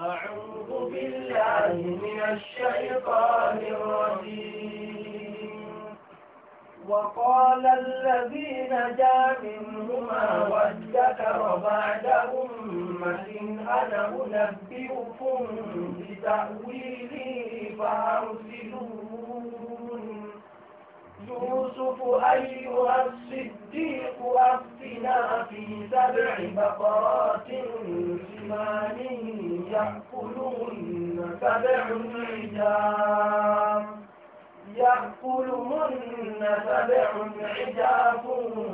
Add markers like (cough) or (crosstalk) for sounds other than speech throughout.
أعوذ بالله من الشيطان الرجيم وقال الذين جاء منهما وادكر بعد أمة أنا أنبئكم بتأويله فأرسلوه يوسف أيها الصديق أفتنا في سبع بقرات سمان يأكلهن سبع عجاب يأكلهن سبع عجاب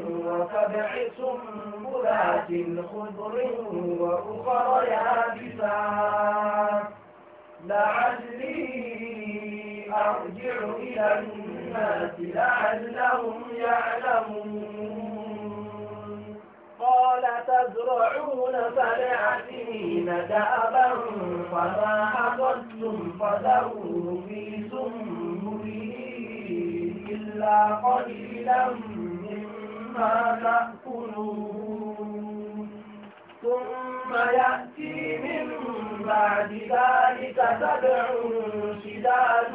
وسبع سنبلات خضر وأخر يابسات لعلي أرجع إلى الناس لعلهم يعلمون قال تزرعون سبع سنين دأبا فما حصدتم فذروه في سنبله إلا قليلا مما تأكلون ثم يأتي من بعد ذلك سبع شداد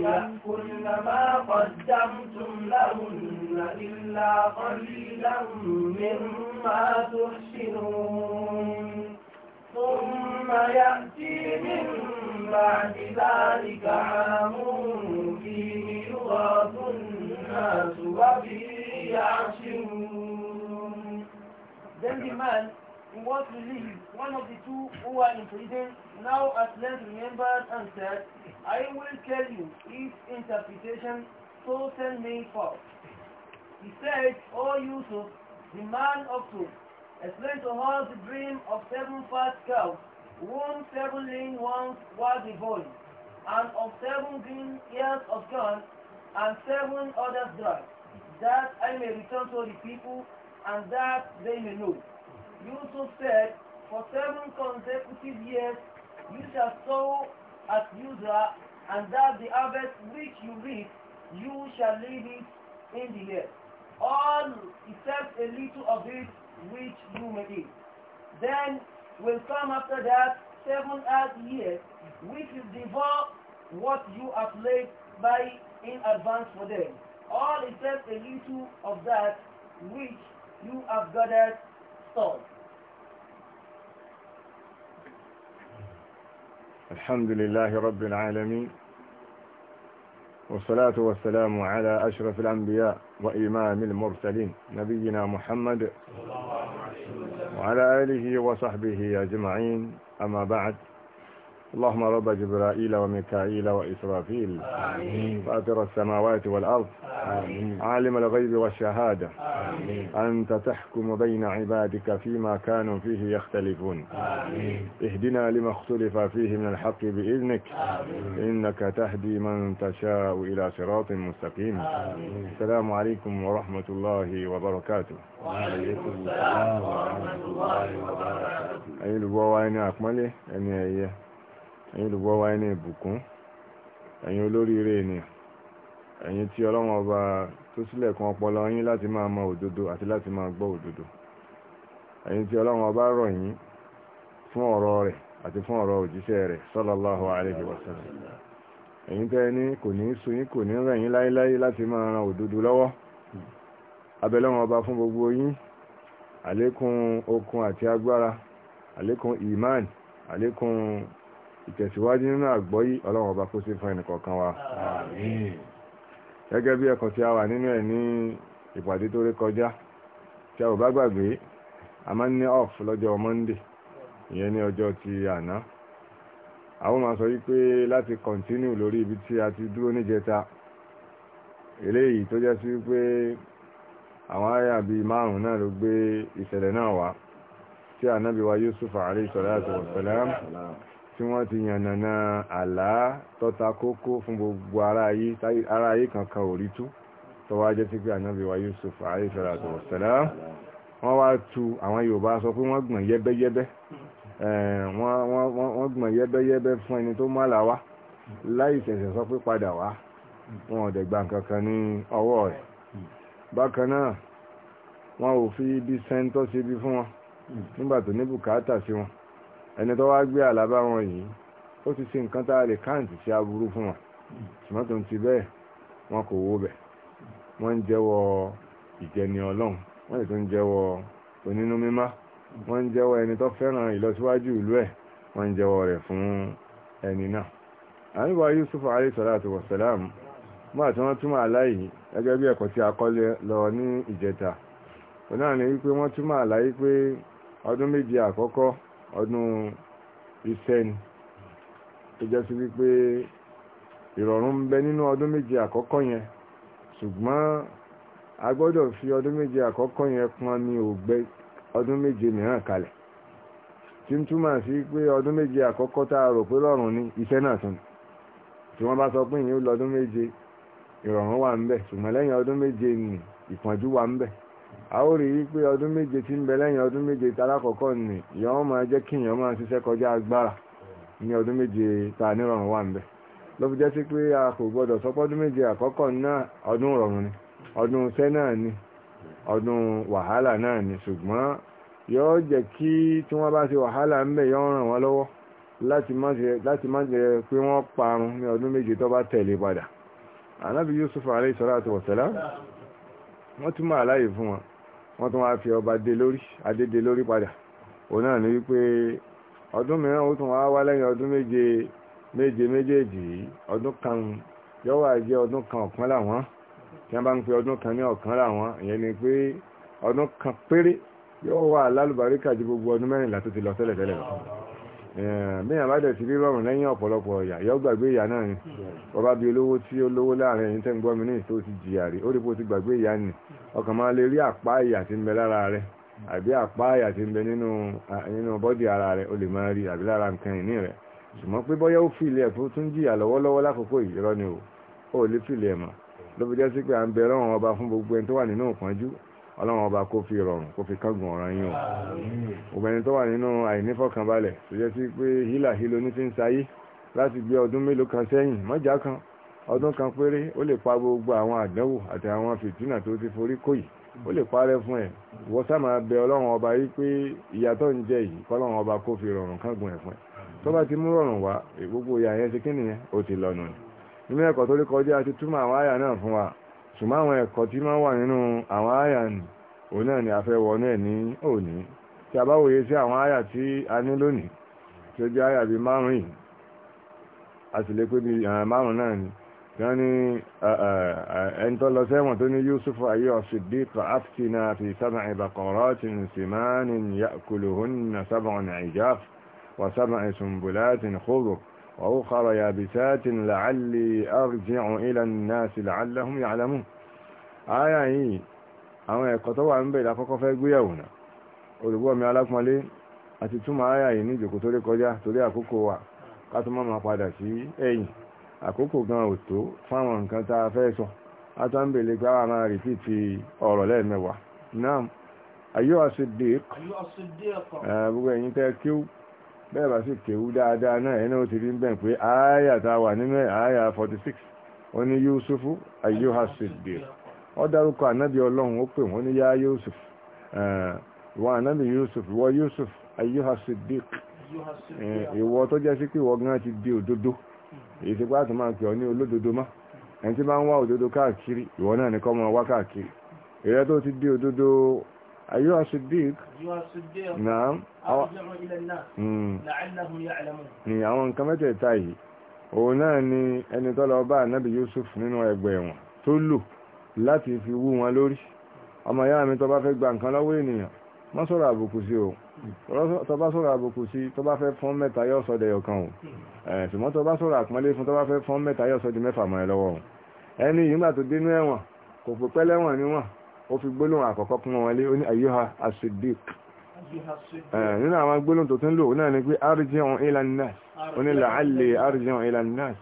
يأكلن ما قدمتم لهن إلا قليلا مما تحسنون ثم يأتي من بعد ذلك عام فيه يغاث الناس وفيه يعصرون he wants to leave, one of the two who are in prison now at length remembered and said, I will tell you its interpretation, so send me forth. He said, O Yusuf, the man of truth, explain to us the dream of seven fat cows, whom seven lean ones were devoured, and of seven green ears of corn, and seven others dry, that I may return to the people, and that they may know. Yusuf said, For seven consecutive years you shall sow at Uzra, and that the harvest which you reap, you shall leave it in the earth. All except a little of it which you may eat. Then will come after that seven half years, which will devour what you have laid by in advance for them. All except a little of that which you have gathered stored. الحمد لله رب العالمين والصلاة والسلام على أشرف الأنبياء وإمام المرسلين نبينا محمد وعلى آله وصحبه أجمعين أما بعد اللهم رب جبرائيل وميكائيل وإسرافيل فأتر السماوات والأرض آمين. عالم الغيب والشهادة آمين. أنت تحكم بين عبادك فيما كانوا فيه يختلفون آمين. اهدنا لما اختلف فيه من الحق بإذنك آمين. إنك تهدي من تشاء إلى صراط مستقيم آمين. السلام عليكم ورحمة الله وبركاته وعليكم السلام ورحمة الله وبركاته أي البواني أكمله أني أيه ẹ̀yin olùgbọ́ wa ẹni ìbùkún ẹ̀yin olóríire ènìyàn ẹ̀yin tí ọlọ́run ọba tó ṣílẹ̀kùn ọpọlọ yín láti máa mọ òdodo àti láti máa gbọ́ òdodo ẹ̀yin tí ọlọ́run ọba rọ̀ yín fún ọ̀rọ̀ rẹ̀ àti fún ọ̀rọ̀ òjíṣẹ́ rẹ̀ sallallahu alaihi wasallam ẹ̀yin tẹ́ ní kò ní sú yín kò ní rẹ̀ yín láíláí láti máa ran òdodo lọ́wọ́ abẹ́lọ́run ọba fún gbogbo yín àlékún okun àti agbára àlékún ìmáàn àlékún ìtẹ̀síwájú nínú àgbọ́yí ọlọ́run ọba kó sí fún ẹnìkọ̀ọ̀kan wa gẹ́gẹ́ bí ẹ̀kọ́ tí a wà nínú ẹ̀ ní ìpàdé tó rékọjá tí a ò bá gbàgbé a máa ń ní off lọ́jọ́ monday ìyẹn ní ọjọ́ ti àná àwọn máa sọ wípé láti continue lórí ibi tí a ti dúró níjẹta eléyìí tó jẹ́ sí wípé àwọn àyà bíi márùn-ún náà ló gbé ìṣẹ̀lẹ̀ náà wá tí ànábì yusuf alayhi salatu wa tí wọ́n ti yànnàna àlá tọ́ta kókó fún gbogbo ara ayé kankan ò rí tú tọ́wọ́ ajẹ́ sí pé ànábì wa Yusuf alayhi salatu wassalam wọ́n wá tu àwọn Yorùbá sọ pé wọ́n gbọ̀n yẹ́bẹ́yẹ́bẹ́ wọ́n gbọ̀n yẹ́bẹ́yẹ́bẹ́ fún ẹni tó mọ́là wá láì ṣẹ̀ṣẹ̀ sọ pé padà wá wọn ò dẹ̀ gba nǹkan kan ní ọwọ́ rẹ̀ bákan náà wọn ò fi ibi sẹ́ńtọ́ sí ibi fún wọn nígbà tó ní bùkátà sí wọn ẹni tó wá gbé àlábá wọn yìí ó ti ṣe nǹkan tá a lè káǹtì sí aburú fún wọn ṣùgbọ́n tó ń ti bẹ́ẹ̀ wọn kò wó bẹ̀ wọ́n ń jẹ́wọ́ ìjẹni ọlọ́run wọ́n sì tún ń jẹ́wọ́ onínú mímá wọ́n ń jẹ́wọ́ ẹni tó fẹ́ràn ìlọsíwájú ìlú ẹ̀ wọ́n ń jẹ́wọ́ rẹ̀ fún ẹni náà àníwá Yusuf alayhi salatu wa salam máa tí wọ́n túmọ̀ aláyìí gẹ́gẹ́ bí ẹ̀kọ́ tí a kọ́ lọ ní ìjẹta òun náà ni wípé wọ́n túmọ̀ aláyìí pé ọdún méje àkọ́kọ́ ọdún iṣẹ́ ni tó jẹ́ sí wípé ìrọ̀rùn bẹ nínú ọdún méje àkọ́kọ́ yẹn fi ọdún méje àkọ́kọ́ yẹn pọn ní ògbẹ́ ọdún méje mìíràn kalẹ̀ tí ń túmọ̀ sí pé ọdún méje àkọ́kọ́ ni iṣẹ́ náà tún tí wọ́n bá sọ pé ìyẹn lọ́dún méje ìrọ̀rùn wà ń ṣùgbọ́n lẹ́yìn ọdún méje ni a ó rí wípé ọdún méje tí ń bẹ lẹ́yìn ọdún méje ni ìyọ́n máa jẹ́ kí ìyọ́n máa ṣiṣẹ́ kọjá agbára ní ọdún méje ta nírọ̀rùn wà ń fi jẹ́ sí pé a kò gbọ́dọ̀ sọ ọdụm ọdún méje àkọ́kọ́ náà ọdún ni ọdún iṣẹ́ náà ni ọdún wàhálà náà ni ṣùgbọ́n jẹ́ kí tí wọ́n bá ṣe wàhálà ń ràn wọ́n lọ́wọ́ láti má jẹ́ pé wọ́n parun ní ọdún méje tó bá wọ́n tún máa láàyè fún wọn wọ́n tún wáá fi ọba dé lórí adédè lórí padà òun náà ní wípé ọdún mìíràn ó tún wáá wá lẹ́yìn ọdún méje méje méjèèjì yìí ọdún kan yọ́wọ́ àjẹ́ ọdún kan ọ̀kan làwọn tí wọ́n bá ń pe ọdún kan ní ọ̀kan làwọn ìyẹn ni pé ọdún kan péré yọ́wọ́ àlálùbáríkà ju gbogbo ọdún mẹ́rìnlá tó ti lọ tẹ́lẹ̀tẹ́lẹ̀ lọ. bí yàrá dẹ̀ ti rí rọrùn lẹ́yìn ọ̀pọ̀lọpọ̀ ọ̀yà yọ gbàgbé ìyá náà ni ọba bíi olówó tí ó lówó láàrin ẹ̀yìn tẹ́ǹgbọ́ mi ní ìtò ti jìyà rí ó rí bó ti gbàgbé ìyá ni ọkàn máa lè rí àpá ìyà tí ń bẹ lára rẹ àbí àpá ìyà tí ń bẹ nínú bọ́dì ara rẹ o lè máa rí àbí lára nǹkan ìní rẹ ṣùgbọ́n pé bọ́yá ó fi fún tún jìyà lọ́wọ́lọ́wọ́ ọlọ́run ọba kó fi rọrùn kó fi kángun ọ̀ràn yín o obìnrin tó wà nínú àìnífọ̀kànbalẹ̀ tó jẹ́ sí pé hílà hílo ní ti ń sayé láti gbé ọdún mélòó kan sẹ́yìn mọ́jà kan ọdún kan péré ó lè pa gbogbo àwọn àdánwò àti àwọn fìtínà tó ti forí kò yìí ó lè parẹ́ fún ẹ̀ wọ́n sáàmà bẹ ọlọ́run ọba yìí pé ìyàtọ̀ ń jẹ yìí kọ́lọ́run ọba kó fi rọrùn kángun ẹ̀ fún ẹ̀ tó bá ti mú rọrùn wá gbogbo ìyà yẹn ti kí nìyẹn ó ti lọ nù ní ẹ̀kọ́ tó rí kọjá ti túmọ̀ àwọn àyà náà fún wa ṣùgbọ́n àwọn ẹ̀kọ́ tí máa wà nínú àwọn àyà òun náà ni a fẹ́ wọnú ẹ̀ ní òní tí a bá wòye sí àwọn àyà tí a ní lónìí tí ó jẹ́ àyà bíi márùn-ún yìí a sì lè pé bíi eh, márùn-ún náà ni wọ́n ní eh, eh, ẹni tó lọ sẹ́wọ̀n tó ní Yusuf ayé as-Siddiq aftina fi sab'i baqaratin simanin ya'kuluhunna sab'un 'ijaf wa sab'i sunbulatin khudr وأخر يابسات لعلي أرجع إلى الناس لعلهم يعلمون آية هي àwọn ẹ̀kọ́ tó wà ń bẹ̀rẹ̀ àkọ́kọ́ fẹ́ gbéyàwó náà olùgbọ́ mi alápọ̀nlé àti túmọ̀ àyà yìí ní ìjòkó tó lé kọjá torí àkókò wa ká tó máa padà sí ẹ̀yìn àkókò gan ò tó fáwọn nǹkan tá a fẹ́ sọ a tó ń bèèrè pé àwọn máa rìtì ti ọ̀rọ̀ lẹ́ẹ̀mẹ́wàá náà ayé wa sì dé gbogbo ẹ̀yin tẹ́ kí bẹ́ẹ̀ bá sì kéwú dáadáa náà ẹni ó ti rí bẹ́ẹ̀ pé àáyà tá a wà nínú ẹ̀ àáyà 46 ó ní Yusufu ayyuha siddiq ó dárúkọ ànábì ọlọ́run ó pè wọ́n ní yá Yusuf wọ́n ànábì Yusuf wọ́n Yusuf ayyuha siddiq ìwọ tó jẹ́ sí pé ìwọ gan ti di òdodo èyí ti pàtó máa pè ọ́ ní olódodo má ẹni tí bá ń wá òdodo káàkiri ìwọ náà ní kọ́ mọ wá káàkiri ìrẹ́ tó ti di òdodo أيها الصديق أيها الصديق نعم أرجع إلى الناس لعلهم يعلمون ni àwọn nǹkan mẹ́tẹ̀ẹ̀ta yìí òun náà ni ẹni tó lọ bá ànábì Yusuf nínú ẹgbẹ́ wọn tó lò láti fi wú wọn lórí ọmọ ìyá mi tó bá fẹ́ gba nǹkan lọ́wọ́ ènìyàn má sọ̀rọ̀ àbùkù sí o tó bá sọ̀rọ̀ àbùkù sí tó bá fẹ́ fọ́n mẹ́ta yóò sọ dẹyọ kan o ṣùgbọ́n tó bá sọ̀rọ̀ àpọ́nlé fún tó bá fẹ́ fọ́n mẹ́ta yóò sọ di mẹ́fà mọ́ ẹ lọ́wọ́ ẹni yìí nígbà tó dénú ẹ̀wọ̀n kò pẹ́ lẹ́wọ̀n ni wọ́n ó fi gbólóhùn àkọ́kọ́ pọ́n wọn lé ó ní ayuha asidik nínú àwọn gbólóhùn tó tún lò náà ni pé arji'u ila nnas ó ní la'alli arji'u ila nnas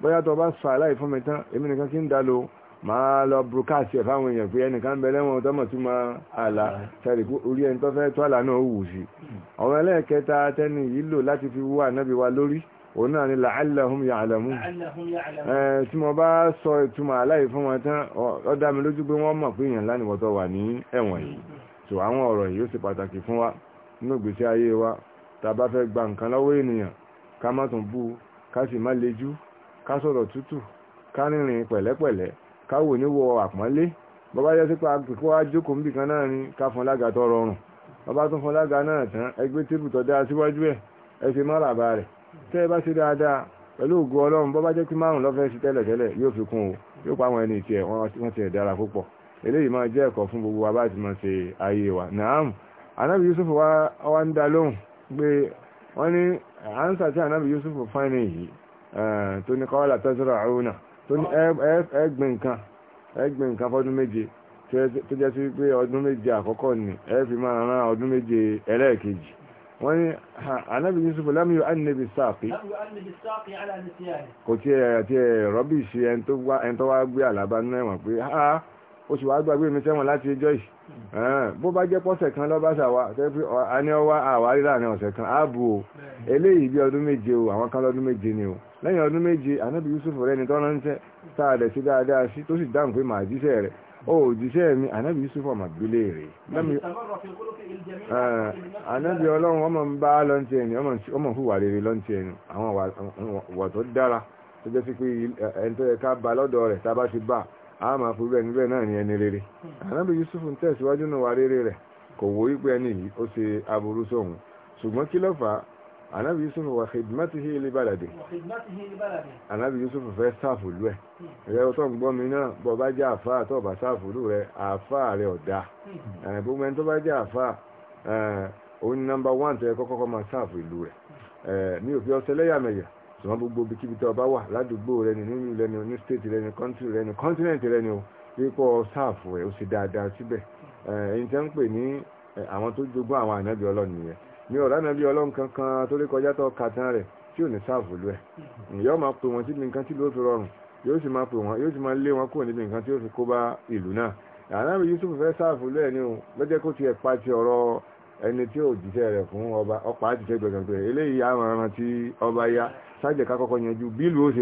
bóyá tó bá sọ aláì fún mi tán èmi nìkan kí ń dá lo máa lọ broadcast ẹ̀ fáwọn èèyàn pé ẹnìkan bẹ lẹ́wọ̀n tọ́mọ̀ tí ma àlà tẹ̀lé orí ẹni tó fẹ́ tó àlà náà wù sí ọ̀rọ̀ ẹlẹ́ẹ̀kẹta tẹ́ni yìí lò láti fi wú ànábì wa lórí òun náà ni làálàhùn yàlẹ̀mú tí mo bá sọ ìtumọ̀ aláì fún wọn tán ó mi lójú pé wọ́n mọ̀ pé èèyàn lánìwọ̀tọ̀ wà ní ẹ̀wọ̀n yìí tó àwọn ọ̀rọ̀ yìí ó sì pàtàkì fún wa nínú ìgbésí ayé wa a bá fẹ́ gba nǹkan lọ́wọ́ ènìyàn ká má tún bú ká sì má lejú ká sọ̀rọ̀ tútù ká rìnrìn pẹ̀lẹ́pẹ̀lẹ́ ká wò àpọ́nlé bàbá yẹ sípa níbì kan náà ni ká fún lága bàbá tún fún tẹ́ ẹ bá ṣe dáadáa pẹ̀lú ògùn ọlọ́run bọ́ bá jẹ́ pé márùn lọ́fẹ́ sí tẹ́lẹ̀ tẹ́lẹ̀ yóò fi kún o yóò pa àwọn ẹni tiẹ̀ wọ́n ti dára púpọ̀ eléyìí máa jẹ́ ẹ̀kọ́ fún gbogbo wa bá ti máa ṣe ayé wa naam anabi yusuf wa wa ń da lóhùn pé wọ́n ní ansa tí anabi yusuf fáìní yìí eh, tó ní kọ́lá tẹ́sírà àrùnà tó ní ẹgbìn nǹkan ẹgbìn nǹkan fọdún méje tó jẹ́ sí pé ọdún méje àkọ́kọ́ ni ẹ fi máa rán ọdún méje ẹlẹ́ẹ̀kejì wọ́n ní anábì yusuf lámì yóò ánìbì sáàfì kò tí ẹ̀ àti ẹ̀ rọ́bìṣì ẹni tó wá gbé àlábá náà wọ̀n pé ha o ó sì wá gbàgbé mi sẹ́wọ̀n láti ẹjọ́ yìí bó bá jẹ́ pọ́sẹ̀ kan lọ́bàṣà wa tẹ́fí àní ọwá àwárí láàrin ọ̀sẹ̀ kan ààbò o eléyìí bí ọdún méje o àwọn kan lọ́dún méje ni o lẹ́yìn ọdún méje anábì yusuf rẹ̀ ni tọ́ránṣẹ́ sáà rẹ̀ sí dáadáa sí tó sì dáhùn pé màá jíṣẹ́ rẹ̀ ó oh, jíṣẹ́ mi ànábì yusuf ọmọ gbélé rẹ̀ ah, ànábì ọlọ́run ọmọ ń bá lọ́ntì ẹni ọmọ hùwà rere lọ́ntì ẹni àwọn wà tó dára tó jẹ́ sí pé eh, ẹni tó yẹ ká ba lọ́dọ̀ rẹ̀ tá bá ti bá a máa fi bẹ́ẹ̀ níbẹ̀ náà ní ẹni rere ànábì yusuf ń tẹ̀síwájú náà wà rere rẹ̀ kò wò wípé ẹni yìí ó ṣe aburú sóhun ṣùgbọ́n kí ló fà á anabi yusuf wa khidmatihi li baladi anabi yusuf fẹ́ sáfùlú ẹ̀ ẹ̀rẹ́ hmm. tó ń gbọ́ mi náà bọ́ bá jẹ́ àfá tó bá sáfùlú rẹ̀ àfá rẹ̀ ọ̀dá hmm. ẹ̀rẹ́ gbogbo ẹni tó bá jẹ́ àfá òun nọmba wán tẹ́ kọ́kọ́kọ́ máa sáfù ìlú rẹ̀ mi ò fi ọsẹ lẹ́yàmẹ̀yà ṣùgbọ́n gbogbo ibikíbi tó bá wà ládùúgbò rẹ ni nílùú rẹ ni ní stéètì rẹ ni kọ́ńtì rẹ ni kọ́ńtínẹ̀ntì rẹ ni o wípọ̀ sáfù ẹ̀ ó sì dáadáa síbẹ̀ hmm. ẹ̀yìn tẹ́ ń pè ní àwọn tó jogún àwọn ànábì ọlọ́run nìyẹn mi ò ránà bí ọlọ́run kankan tó lè kọjá tó kàtàn rẹ̀ tí ò ní sáàbù lú ẹ̀ yóò máa pè wọ́n síbi nǹkan tí ló fi rọrùn yóò sì máa pè wọ́n yóò sì máa lé wọn kúrò níbi nǹkan tí ó fi kó bá ìlú náà ànábì Yusuf fẹ́ sáàbù lú ẹ̀ ní o lọ́jẹ́ kó tiẹ̀ pa ti ọ̀rọ̀ ẹni tí ò jíṣẹ́ rẹ̀ fún ọba ọ̀pá àjíṣẹ́ gbẹ̀gbẹ̀ eléyìí àwọn ọ̀ràn tí ọba ya sáàjẹ̀ ká kọ́kọ́ yanjú bí ìlú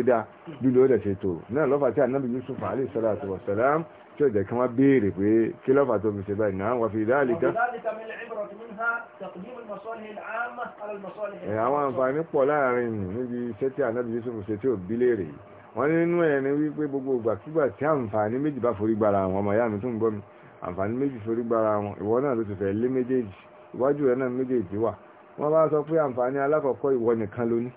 salam tí ó jẹ́ kí wọ́n béèrè pé kí ló fà tó fi ṣe báyìí náà wọ́n fi dhalika. àwọn àǹfààní pọ̀ láàrin níbi iṣẹ́ tí ànábì Yusuf ṣe tí ò bí léèrè yìí wọ́n ní inú ẹ̀ ní wípé gbogbo ìgbàkúgbà tí àǹfààní méjì bá forí gbára àwọn ọmọ ìyá mi tó ń gbọ́ mi àǹfààní méjì forí gbára wọn ìwọ náà ló ti fẹ́ lé méjèèjì iwájú rẹ̀ náà méjèèjì wà wọ́n bá sọ pé àǹfààní alákọ̀ọ́kọ́ ìwọ nìkan lóní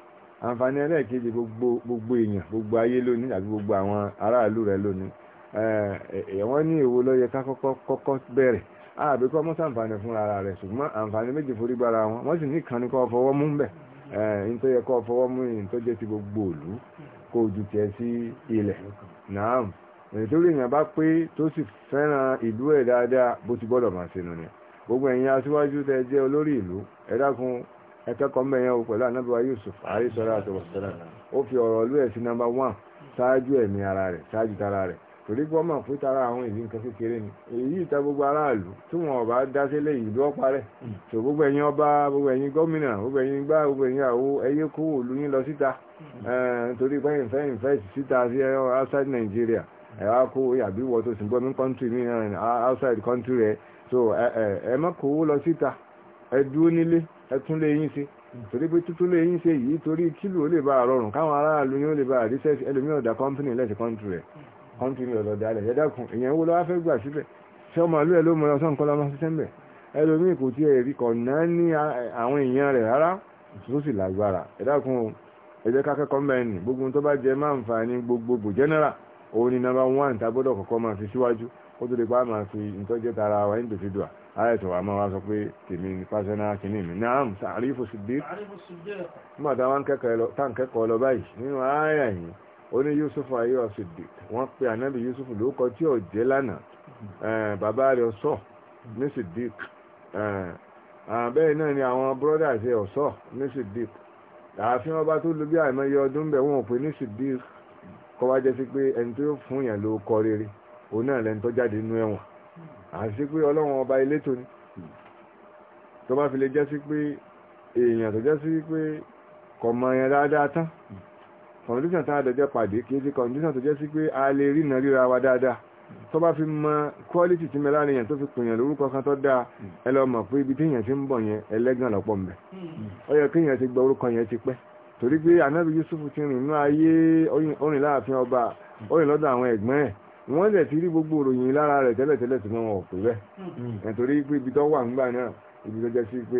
àǹfààní ẹlẹ́ẹ̀kejì gbogbo èèyàn gbogbo ayé lóní àti gbogbo àwọn aráàlú rẹ̀ lóní ẹ̀wọ́n eh, eh, ní èwo ló yẹ ká kọ́kọ́ bẹ̀rẹ̀ àbí kọ́ mọ́ sàǹfààní fún ara rẹ̀ ṣùgbọ́n àǹfààní méjì forí gbára wọn wọ́n sì ní ìkànnì kọ́ fọwọ́ mú bẹ̀ ẹ̀yìn eh, tó yẹ kọ́ mú yìí tó jẹ́ ti gbogbo òlú kó ju tiẹ̀ sí ilẹ̀ náà nítorí èèyàn bá pé tó sì fẹ́ràn ìlú ẹ̀ dáadáa bó ti gbọ́dọ̀ ìlú ẹ dákun o pẹ̀lú anábíwá Yusuf ó fi torí pé ọmọ fún tara àwọn ìlú nǹkan kékeré ni èyí ìta gbogbo aráàlú tí wọn ọba dáṣẹ́ lé ìlú ọparẹ tó mm. gbogbo ẹ̀yin ọba gbogbo ẹ̀yin gómìnà gbogbo ẹ̀yin gbá gbogbo ẹ̀yin àwo ẹyẹ kó òlu yín lọ síta mm. torí pé ìfẹ́ ìfẹ́ síta sí outside Nigeria ẹ̀ wá kó àbí wọ́n tó sì gbọ́ mí country mi outside country rẹ̀ so ẹ má kó lọ síta ẹ dúró nílé ẹ tún lé yín sí mm. torí pé tuntun lè yín ṣe yìí torí kílù ó lè bá rọrùn káwọn aráàlú yín lè bá àdíṣẹ́ ẹlòmíọ̀dà company lẹ́sìn country rẹ̀ wọ́n tún lọ̀lọ̀ dalẹ̀ yẹ dákun èèyàn wo lọ́wọ́ fẹ́ gbà síbẹ̀ ṣé ọmọ àlúwẹ̀ ló mọ ọsán kọ́lá máa ṣiṣẹ́ mbẹ̀ ẹlòmíì kò tiẹ̀ rí kọ̀ náà ní àwọn èèyàn rẹ̀ rárá tó sì lágbára ẹ dákun ẹ jẹ́ kákẹ́kọ̀ọ́ mbẹ́ ni gbogbo tó bá jẹ máa ń fa ní gbogbogbò general òun ni number one tá gbọ́dọ̀ kọ́kọ́ máa fi síwájú ó tó lè pa máa fi ìtọ́jẹ́ tara wa individual ara ètò wa máa wá sọ pé tèmi ní pásánà kìíní mi náà àrífò Siddiq nígbà táwọn kẹ́kọ̀ọ́ lọ báyìí nínú ààyè yìí ó ní Yusuf ayéwà Siddiq wọ́n pe ànábì Yusuf lóko tí ò jẹ́ lánàá bàbá rẹ̀ ọ̀sọ́ ní Siddiq bẹ́ẹ̀ náà ni àwọn bọ́dà ṣe ọ̀sọ́ ní Siddiq ààfin ọba tó lu bí àìmọye ọdún bẹ̀ wọ́n pè ní Siddiq kọ́ wá jẹ́ sí pé ẹni tó fún yàn ló kọ rere òun náà lẹ́ni tó jáde nínú ẹ̀wọ̀n àti pé ọlọ́run ọba elétò ni tó bá fi lè jẹ́ sí pé èèyàn tó jẹ́ sí pé kọ̀mọ̀ yẹn dáadáa tán condition tá a dẹ̀jẹ́ pàdé kìí sí condition tó jẹ́ sí pé a lè rí ìnà wa dáadáa tó bá fi mọ quality tí mẹ́lá ni èèyàn tó fi pèèyàn lórúkọ kan tó dáa ẹ lọ mọ̀ pé ibi tí èèyàn ti ń bọ̀ yẹn ẹlẹ́gàn lọ́pọ̀ mbẹ̀ ó yẹ kí èèyàn ti gba orúkọ yẹn ti pẹ́ torí pé anábì Yusuf ti rìn inú ayé orin láàfin ọba orin lọ́dọ̀ àwọn ẹ̀gbọ́n ẹ̀ wọ́n dẹ̀ ti rí gbogbo òròyìn lára rẹ̀ tẹ́lẹ̀tẹ́lẹ̀ tí wọ́n ò pè bẹ́ẹ̀ nítorí pé ibi tó wà ńgbà náà ibi tó jẹ́ sí pé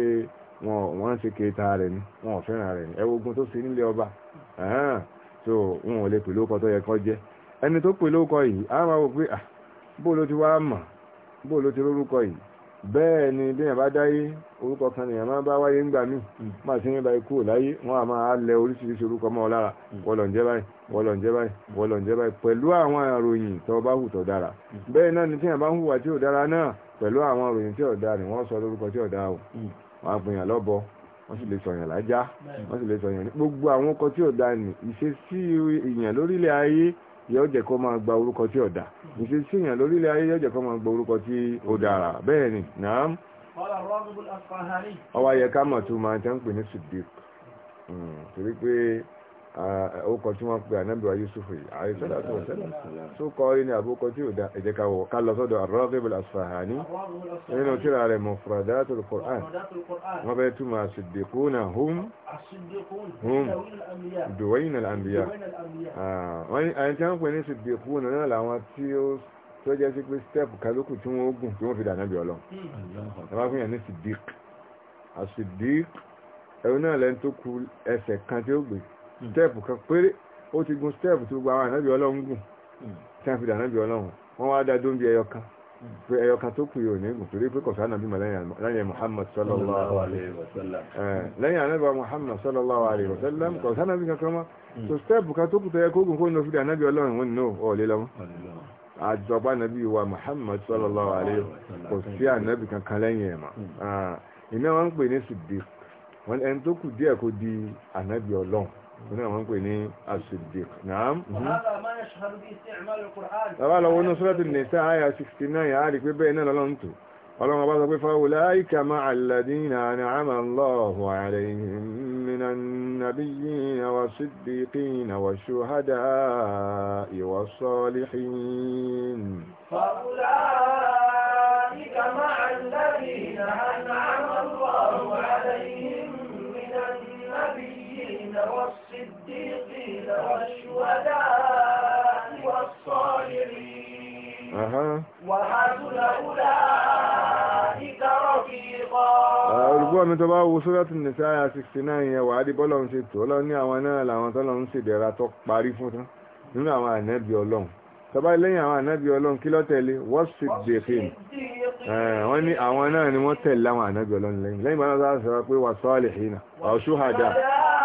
wọ́n ń ṣe kéta rẹ̀ ni wọ́n fẹ́ràn rẹ̀ ni ẹ tó ṣe nílé ọba so wọn ò lè pè tó yẹ kó jẹ́ ẹni tó pè lóko yìí a máa wò pé à bó ló ti wá mọ̀ ló ti yìí bẹ́ẹ̀ ni bá dáyé orúkọ kan máa bá wáyé ńgbà míì hmm. máa ti ń láyé wọn a máa lẹ oríṣiríṣi orúkọ mọ́ ọ lára hmm. báyìí báyìí báyìí pẹ̀lú àwọn ìròyìn tó bá hù tó dára hmm. bẹ́ẹ̀ náà ni tí bá ń hùwà tí ò dára náà pẹ̀lú àwọn ìròyìn tí ò dára ni wọ́n sọ lórúkọ tí ò dára o wọn wọ́n sì lè sọ̀yàn lájá wọ́n sì lè sọ̀yàn ní gbogbo àwọn ọkọ̀ tí ò da nì ìṣesí ìyàn lórílẹ̀ ayé yóò jẹ́ kó máa gba orúkọ tí ò da ìṣesí ìyàn lórílẹ̀ ayé yóò jẹ́ kó máa gba orúkọ tí ó dára bẹ́ẹ̀ ni naam. ọwọ́ ayẹ ká mọ̀ tó máa tẹ́ ń pè ní sùdík hmm, torí pé ọkọ̀ ah, tí wọ́n pe ànábì wa Yusufu yìí àìsọ́lá tó wọ́n sẹ́lá tó kọ́ rí ní àbúkọ tí ò dá ẹ̀jẹ̀ ká wọ̀ ká lọ sọ́dọ̀ Ar-Raghib al-Asfahani nínú tíra rẹ̀ Mufradatul Qur'an wọ́n fẹ́ túmọ̀ as-siddiquna hum hum duwayn al-anbiya ah, wọ́n ní àyẹ̀tí wọ́n pè ní siddiquna náà làwọn tí ó tó jẹ́ sí pé step kálukú tí wọ́n gùn tí wọ́n fi dànábì ọlọ́run hmm. ẹ̀rọ náà lẹ́ni tó ku ẹsẹ̀ kan tí ó gbé stẹ́ẹ̀pù kan péré ó ti gun stẹ́ẹ̀pù tí anabi àwọn ànábì ọlọ́run gùn hmm. tí wọ́n fi dà ọlọ́run wọ́n wá dá dóńbi ẹyọ kan hmm. pé ẹyọ kan tó kù yóò ní gùn torí pé ànábì lẹ́yìn Muhammad sallallahu alayhi wa sallam lẹ́yìn ànábì Muhammad sallallahu alayhi wa so stẹ́ẹ̀pù kan tó kù tó yẹ kó gùn kó ní fi dà ọlọ́run wọn lọ́wọ́ àjọba ànábì wa kò sí ànábì kankan lẹ́yìn ẹ̀ mọ́ hmm. ah, ní àwọn pè ní asidik náà tàbá lọ́wọ́ ní sọ́lọ́tì nìta àyà 69 àárí pé bẹ́ẹ̀ náà lọ́lọ́n tó ọlọ́run bá sọ pé fáwọlá ìkà máa àlàdínà ní àmà lọ́wọ́ ààrẹ من النبيين والصديقين والشهداء والصالحين فأولئك مع الذين أنعم والنبيين والصديقين والشهداء والصالحين وحسن أولئك رفيقا Olùgbọ́ mi tó bá wo Sóràtì Nìsá àyà 69 yẹn wàá di bọ́lọ̀ ń ṣe tò ọlọ́run ní àwọn náà làwọn tọ́lọ́run ṣèdẹ̀ra tó parí fún tán nínú àwọn ànẹ́bí ọlọ́run tọba lẹ́yìn àwọn ànábì ọlọ́run kí ló tẹ̀lé wọ́n sì dè fíìm wọ́n ní àwọn náà ni wọ́n tẹ̀lé àwọn ànábì ọlọ́run lẹ́yìn lẹ́yìn báwọn sáà sọ pé wà sọ́ọ̀lì hìnà wà ṣúhàdá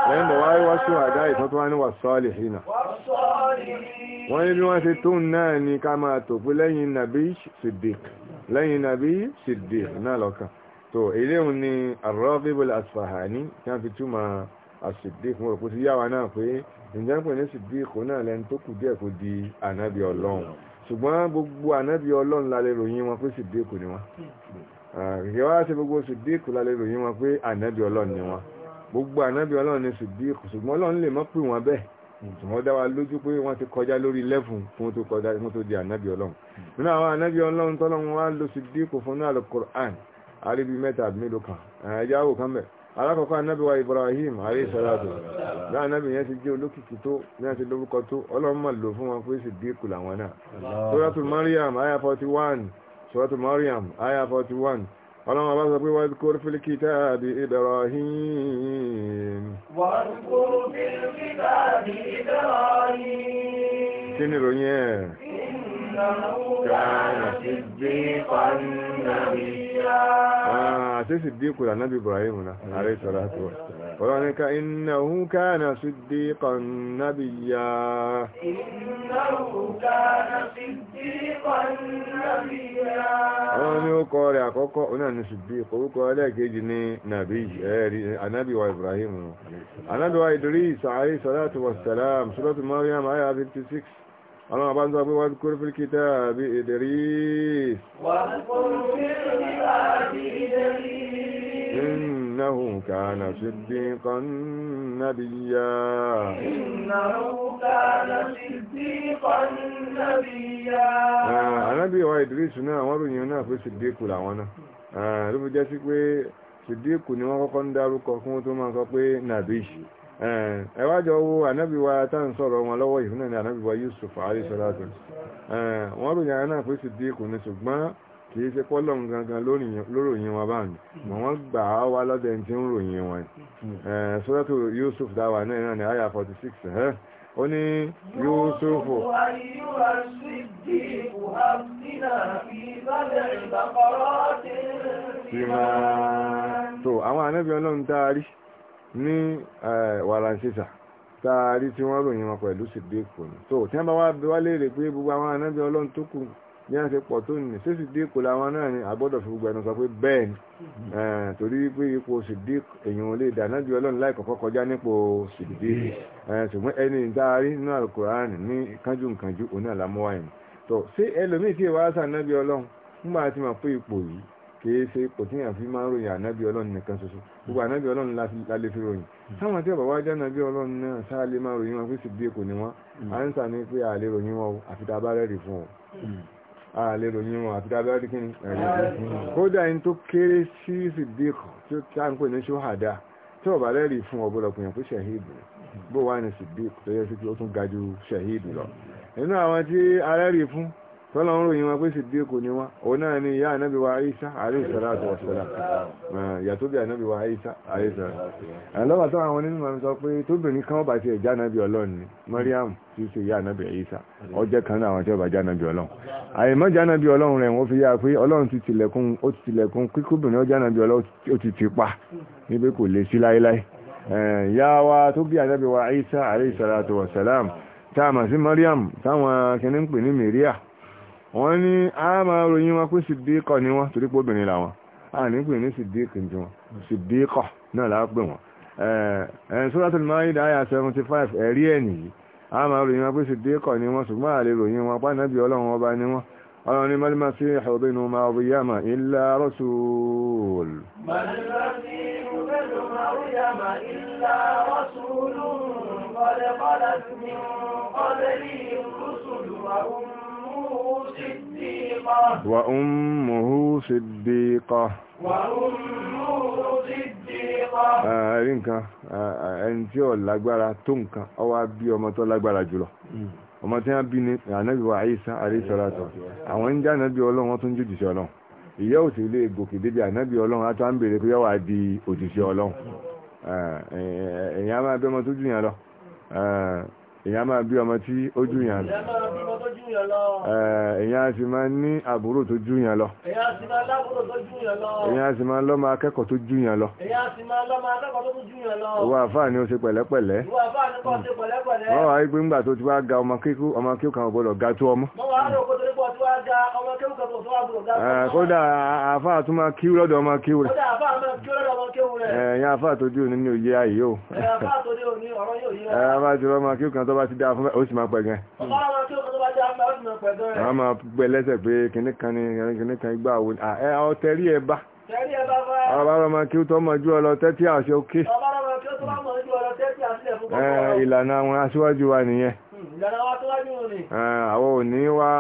lẹ́yìn bọ̀ wáyé wá ṣúhàdá ìtàn tó wá ní wà sọ́ọ̀lì hìnà wọ́n ní bí wọ́n ṣe tó náà ni ká máa tò ǹjẹ́ ń pè ní sìdíkù náà lẹ́ni tó kù díẹ̀ kó di ànábì ọlọ́run ṣùgbọ́n gbogbo ànábì ọlọ́run la lè ròyìn wọn pé sìdíkù ni wọn kìkẹ́ wá sí gbogbo sìdíkù la lè ròyìn wọn pé ànábì ọlọ́run ni wọn gbogbo ànábì ọlọ́run ni sìdíkù ṣùgbọ́n ọlọ́run lè má pè wọ́n bẹ́ẹ̀ ṣùgbọ́n dá wa lójú pé wọ́n ti kọjá lórí lẹ́fùn fún tó kọjá fún tó di ànábì ọlọ́run alákọ̀ọ́kọ́ anábíwá Ibrahim àríṣàlátò bí anábì yẹn ti jẹ́ olókìkí tó ní àti lórúkọ tó ọlọ́mọ lò fún wọn pé sì dínkù làwọn náà sọ́dọ̀tù Mariam aya forty one sọ́dọ̀tù Mariam aya forty one ọlọ́mọ bá sọ pé wọ́n ti kóró fil kitabi Ibrahim. wọ́n kóró fil kitabi Ibrahim. kí ni ìròyìn ẹ̀. آه، صديقا النبي ابراهيم عليه الصلاه والسلام وانك انه كان صديقا نبيا انه كان صديقا نبيا انه قال اكوكو انا نصديق وقال كيجني نبي إيه، النبي وابراهيم انا دعاء ادريس عليه الصلاه والسلام سوره مريم ايه 26 الله عبان زبي واذكر في الكتاب إدريس واذكر في الكتاب إدريس إنه كان صديقا نبيا إنه كان صديقا نبيا النبي وإدريس نا ورنينا في صديق لعوانا ló fi jẹ́ sí pé ṣìdíkù ni wọ́n kọ́kọ́ ń dárúkọ fún tó máa sọ pé nàbíṣì Eh, ẹwájọ́ wo ànábì wa tá ń sọ̀rọ̀ wọn lọ́wọ́ ìhúnà ní ànábì Yusuf àríṣọ́látọ̀ eh, wọ́n ròyìn àwọn náà sì dínkù ní ṣùgbọ́n ṣe pọ́lọ̀ gangan lóròyìn wọn bá ní mọ̀ wọ́n gbà á wá tí ń ròyìn wọn eh, sọ́dọ̀tò Yusuf dáwà náà ní àyà 46 ó ní Yusuf tó àwọn ànábì ọlọ́run ní eh, wàràǹṣeṣà tá a rí tí wọ́n ròyìn wọn pẹ̀lú sídìkù ni tó tí wọ́n bá wá bí wá léèrè pé gbogbo àwọn anábì ọlọ́run tó kù bí wọ́n ṣe pọ̀ tó nì sí sídìkù làwọn náà ni àgbọ́dọ̀ fi gbogbo ẹnu sọ pé bẹ́ẹ̀ ni eh, torí pé ipò sídìkù èèyàn ò lè dà nábì ọlọ́run láì kọ́kọ́ kọjá nípò sídìkù eh, ṣùgbọ́n ẹni tá a rí nínú alukoran ní kánjú nkánjú òun náà làmúwáyìn tó ṣé ẹlòmíì tí ì wá sàn nábì ọlọ́run ń bá ti mọ̀ pé ipò yìí kìí ṣe kò tí yàn fi máa ń ròyìn ànábì ọlọ́run nìkan ṣoṣo gbogbo ànábì ọlọ́run lálẹ́ fi ròyìn hmm. táwọn tí ọ̀bà wá jẹ́ ànábì ọlọ́run náà sáà máa ròyìn wọn pé síbi èkó ni wọ́n hmm. à ń sàní pé àlè hmm. ròyìn wọn àfi tá a bá rẹ́rì fún ọ àlè ròyìn wọn àfi tá a bá rẹ́rì fún ọ kódà ẹni tó kéré sí síbi èkó tó tá à ń pè ní ṣóhàdá tí ọ̀bà rẹ́rì fún ọ gbọ́dọ̀ tọ́lọ̀ ń ròyìn wọn pé sídíkù ni wọ́n òun náà ni ìyá ànábì wa Ìsá alayhi salatu wassalam ah, ìyá tó bí ànábì wa Ìsá alayhi salatu àlọ́wà tó àwọn onímọ̀ sọ pé tóbìnrin kan bá ti ẹ̀já ànábì ọlọ́run ni Mariam tí ṣe ìyá ànábì Ìsá ọjẹ́ kan náà àwọn tí ó bá ọlọ́run àìmọ́ já ọlọ́run rẹ̀ wọ́n fi yá pé ọlọ́run ti tilẹ̀kùn ó ti tilẹ̀kùn kíkóbìnrin wọ́n ní a máa ròyìn wọn pé sìdíkọ̀ ni wọ́n torí pé obìnrin làwọn a ní pè ní sìdíkì ní wọn sìdíkọ̀ náà láà pè wọ́n ẹ̀ẹ́n Suratul Maida àyà 75 ẹ̀rí ẹ̀ nìyí a máa ròyìn wọn pé sìdíkọ̀ ni wọ́n ṣùgbọ́n àlè ròyìn wọn pàdánàbí ọlọ́run ọba ni wọ́n ọlọ́run ní mal masihu ibnu Maryama illa rasul mal masihu ibnu Maryama illa rasulun qad khalat min qablihi ar-rusul wa صديقة وأمه صديقة ààrí nǹkan ẹni tí ó lágbára tó nǹkan ó wá bí ọmọ tó lágbára jùlọ ọmọ tí wọ́n bí ní ànábì wa àyíṣà àríṣọ́látọ̀ àwọn ń jẹ́ ànábì ọlọ́run wọ́n tún jòjìṣẹ́ ọlọ́run ìyá ò sì lè gòkè débi ànábì ọlọ́run àti àwọn béèrè pé yọ́wà di òjìṣẹ́ ọlọ́run èèyàn á máa bẹ́ ọmọ tó jù yàn lọ èyàn máa bí ọmọ tí ó júyàn lọ èyàn sì máa ní àbúrò tó júyàn lọ èyàn sì máa lọ́mọ akẹ́kọ̀ọ́ tó júyàn lọ ìwọ àfáà ni ó ṣe pẹ̀lẹ́pẹ̀lẹ́ wọ́n wá wípé ńgbà tó ti wá ga ọmọ kíkú ọmọ kíkú kan gbọ́dọ̀ ga tó ọmọ kódà àfáà tún máa kíw lọ́dọ̀ ọmọ kíw rẹ̀ èyàn àfáà tó dí òní ní òye ayé o ẹ̀yà àfáà tó dí òní ọ̀rọ̀ yóò yí tó bá ti dáa fún ó sì máa pẹ̀gẹ́ àwọn máa pẹ̀ lẹ́sẹ̀ pé kìnníkan ni kìnníkan igbá àwọn ọ̀tẹ̀rí ẹ bá ọ̀bára máa kí ó tọ́ mọ̀ jú ọlọ tẹ́tí àṣẹ òkè ìlànà àwọn aṣíwájú wa nìyẹn àwọn òní wá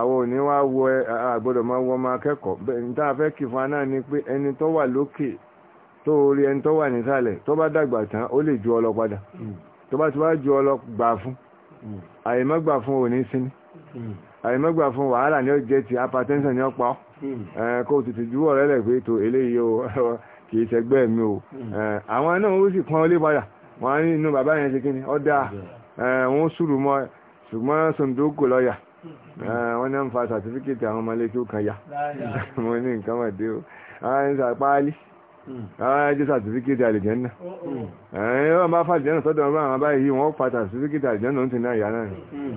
àwọn òní wá wọ àgbọ́dọ̀ máa wọ ọmọ akẹ́kọ̀ọ́ níta fẹ́ kì fún aná ni pé ẹni tó wà lókè tó orí ẹni tó wà nísàlẹ̀ tó bá dàgbà tán ó lè ju ọlọ padà tó bá ti wá ju ọlọ gbà fún hmm. àìmọ́ gbà fún òní sínú hmm. àìmọ́ gbà fún wàhálà ní ọjẹ́ ti hypertension ní ọ̀pá hmm. kó tètè juwọ́ rẹ̀ lẹ̀ pé tó eléyìí o (laughs) kì í ṣẹgbẹ́ mi o àwọn náà ó sì pọn olé padà wọ́n á ní inú bàbá yẹn ṣe kíni ó dáa wọ́n sùúrù mọ́ ṣùgbọ́n sọ̀ndókò lọ́yà wọ́n náà ń fa sàtífíkẹ̀tì àwọn ọmọlẹ́kẹ́ kan yá (laughs) mo ní nǹkan mọ̀ dé o àwọn ẹni sàpáálí Ah, ẹjẹ́ sàtífíkìtì àlìjẹ́nà mm. eh, ẹ̀yìn wọ́n bá fàtíjẹ́nà sọ́dọ̀ ọmọ àwọn báyìí wọ́n pàtà sàtífíkìtì àlìjẹ́nà ti náà a náà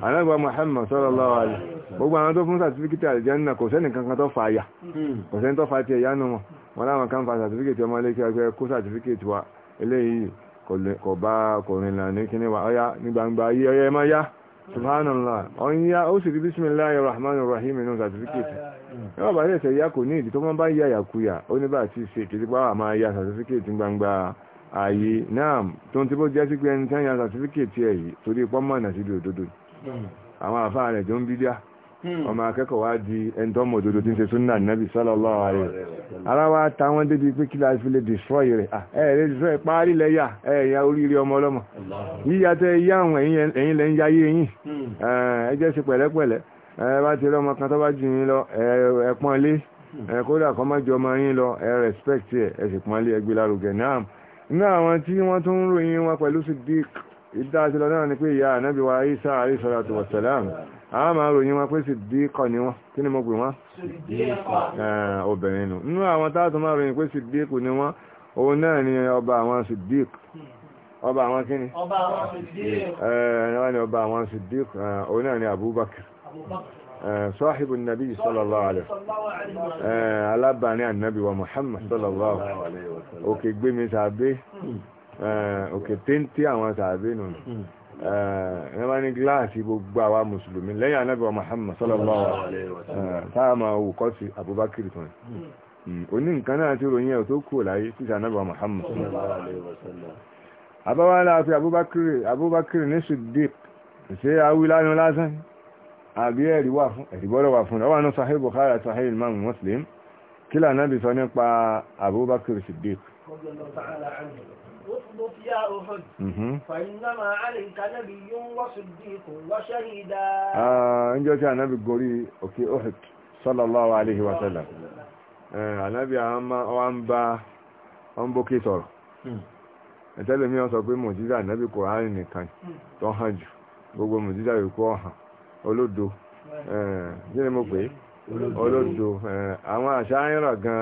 alágbà Muhammad sallallahu alaihi gbogbo àwọn tó fún sàtífíkìtì àlìjẹ́nà kò sẹ́nì kankan tó fa àyà mm. kò sẹ́ni tó fa ti ẹ̀yà nù wọn wọn láwọn fa sàtífíkìtì wa wa subhanallah ọ̀n ya ó sì rí bismillahir rahmanir rahim inú sàtífíkètì yọ́wọ́ bá lẹ́sẹ̀ ya kò ní ìdí tó máa bá yà yàkúyà ó ní bá ti ṣe kìí pàwà máa ya sàtífíkètì gbangba ààyè náà tó ń tí bó jẹ́ sí pé ẹni tí wọ́n ya sàtífíkètì ẹ̀ yìí torí pọ́nmọ́nà sí òdodo àwọn àfáà rẹ̀ tó ń bídíà Hmm. ọmọ akẹ́kọ̀ọ́ wá di ẹni tó mọ̀ òdodo tí ń ṣe súnà nàbì sallallahu alaihi ara wa ta wọ́n débi pé kí láti fi lè destroy rẹ̀ ah, ẹ̀ẹ́rẹ́ destroy parí lẹ́yà ẹ̀yà oríire ọmọ ọlọ́mọ yíya tẹ́ yá àwọn ẹ̀yìn lẹ́ ń yáyé yín hmm. ẹ jẹ́ ṣe pẹ̀lẹ́pẹ̀lẹ́ ẹ bá ti rí ọmọ kan tó bá jù yín lọ ẹ pọ́n lé ẹ hmm. kódà kọ́ má ju ọmọ yín lọ ẹ respect ẹ ẹ sì pọ́n lé ẹ gbé lárugẹ náà nínú àwọn tí wọ́n tún ń ròyìn wọn pẹ̀lú Siddiq ìdá àti lọ náà ni pé ìyá ànábì wa Isa alayhi salatu wa salam a máa ròyìn wọn pé sídíkọ̀ ni wọ́n kí ni mo pè wọ́n eh, obìnrin nù nínú àwọn táàtù máa ròyìn pé sídíkù ni wọ́n òun náà ni ọba àwọn sídík ọba àwọn kí ni ọba àwọn sídík eh, eh, òun náà ni Abubakar صاحب النبي صلى الله عليه وسلم alábàárín النبي ومحمد صلى الله عليه وسلم òkè gbé mi sàbé hmm. òkè téńté àwọn sàbé nù hmm ẹ̀rọ ní gíláàsì gbogbo àwa mùsùlùmí lẹ́yìn anábìwá Muhammad sallallahu alaihi wa sallam táàmà òkọ́ sí Abubakar tó hmm. hmm, ní oní nǹkan náà tí ròyìn ẹ̀ tó kú láyé títí anábìwá Muhammad sallallahu alaihi wa sallam abáwálá fi Abubakar ní Siddiq ṣe awílánú lásán àbí ẹ̀rí wà fún ẹ̀rí gbọ́dọ̀ wà fún ọwọ́ Sahih Bukhari Sahih Imam Muslim kí lànà اثبت يا أحد فإنما عليك نبي وصديق وشهيدا آه إن جاءت النبي قولي أوكي أحد صلى الله عليه وسلم ànábì àmà ọ̀hán bá ọ̀hán mi pé nìkan tó hàn jù gbogbo mọ̀jídà yòókù ọ̀hàn olódo ẹ̀ ẹ̀ jẹ́ àwọn àṣà gan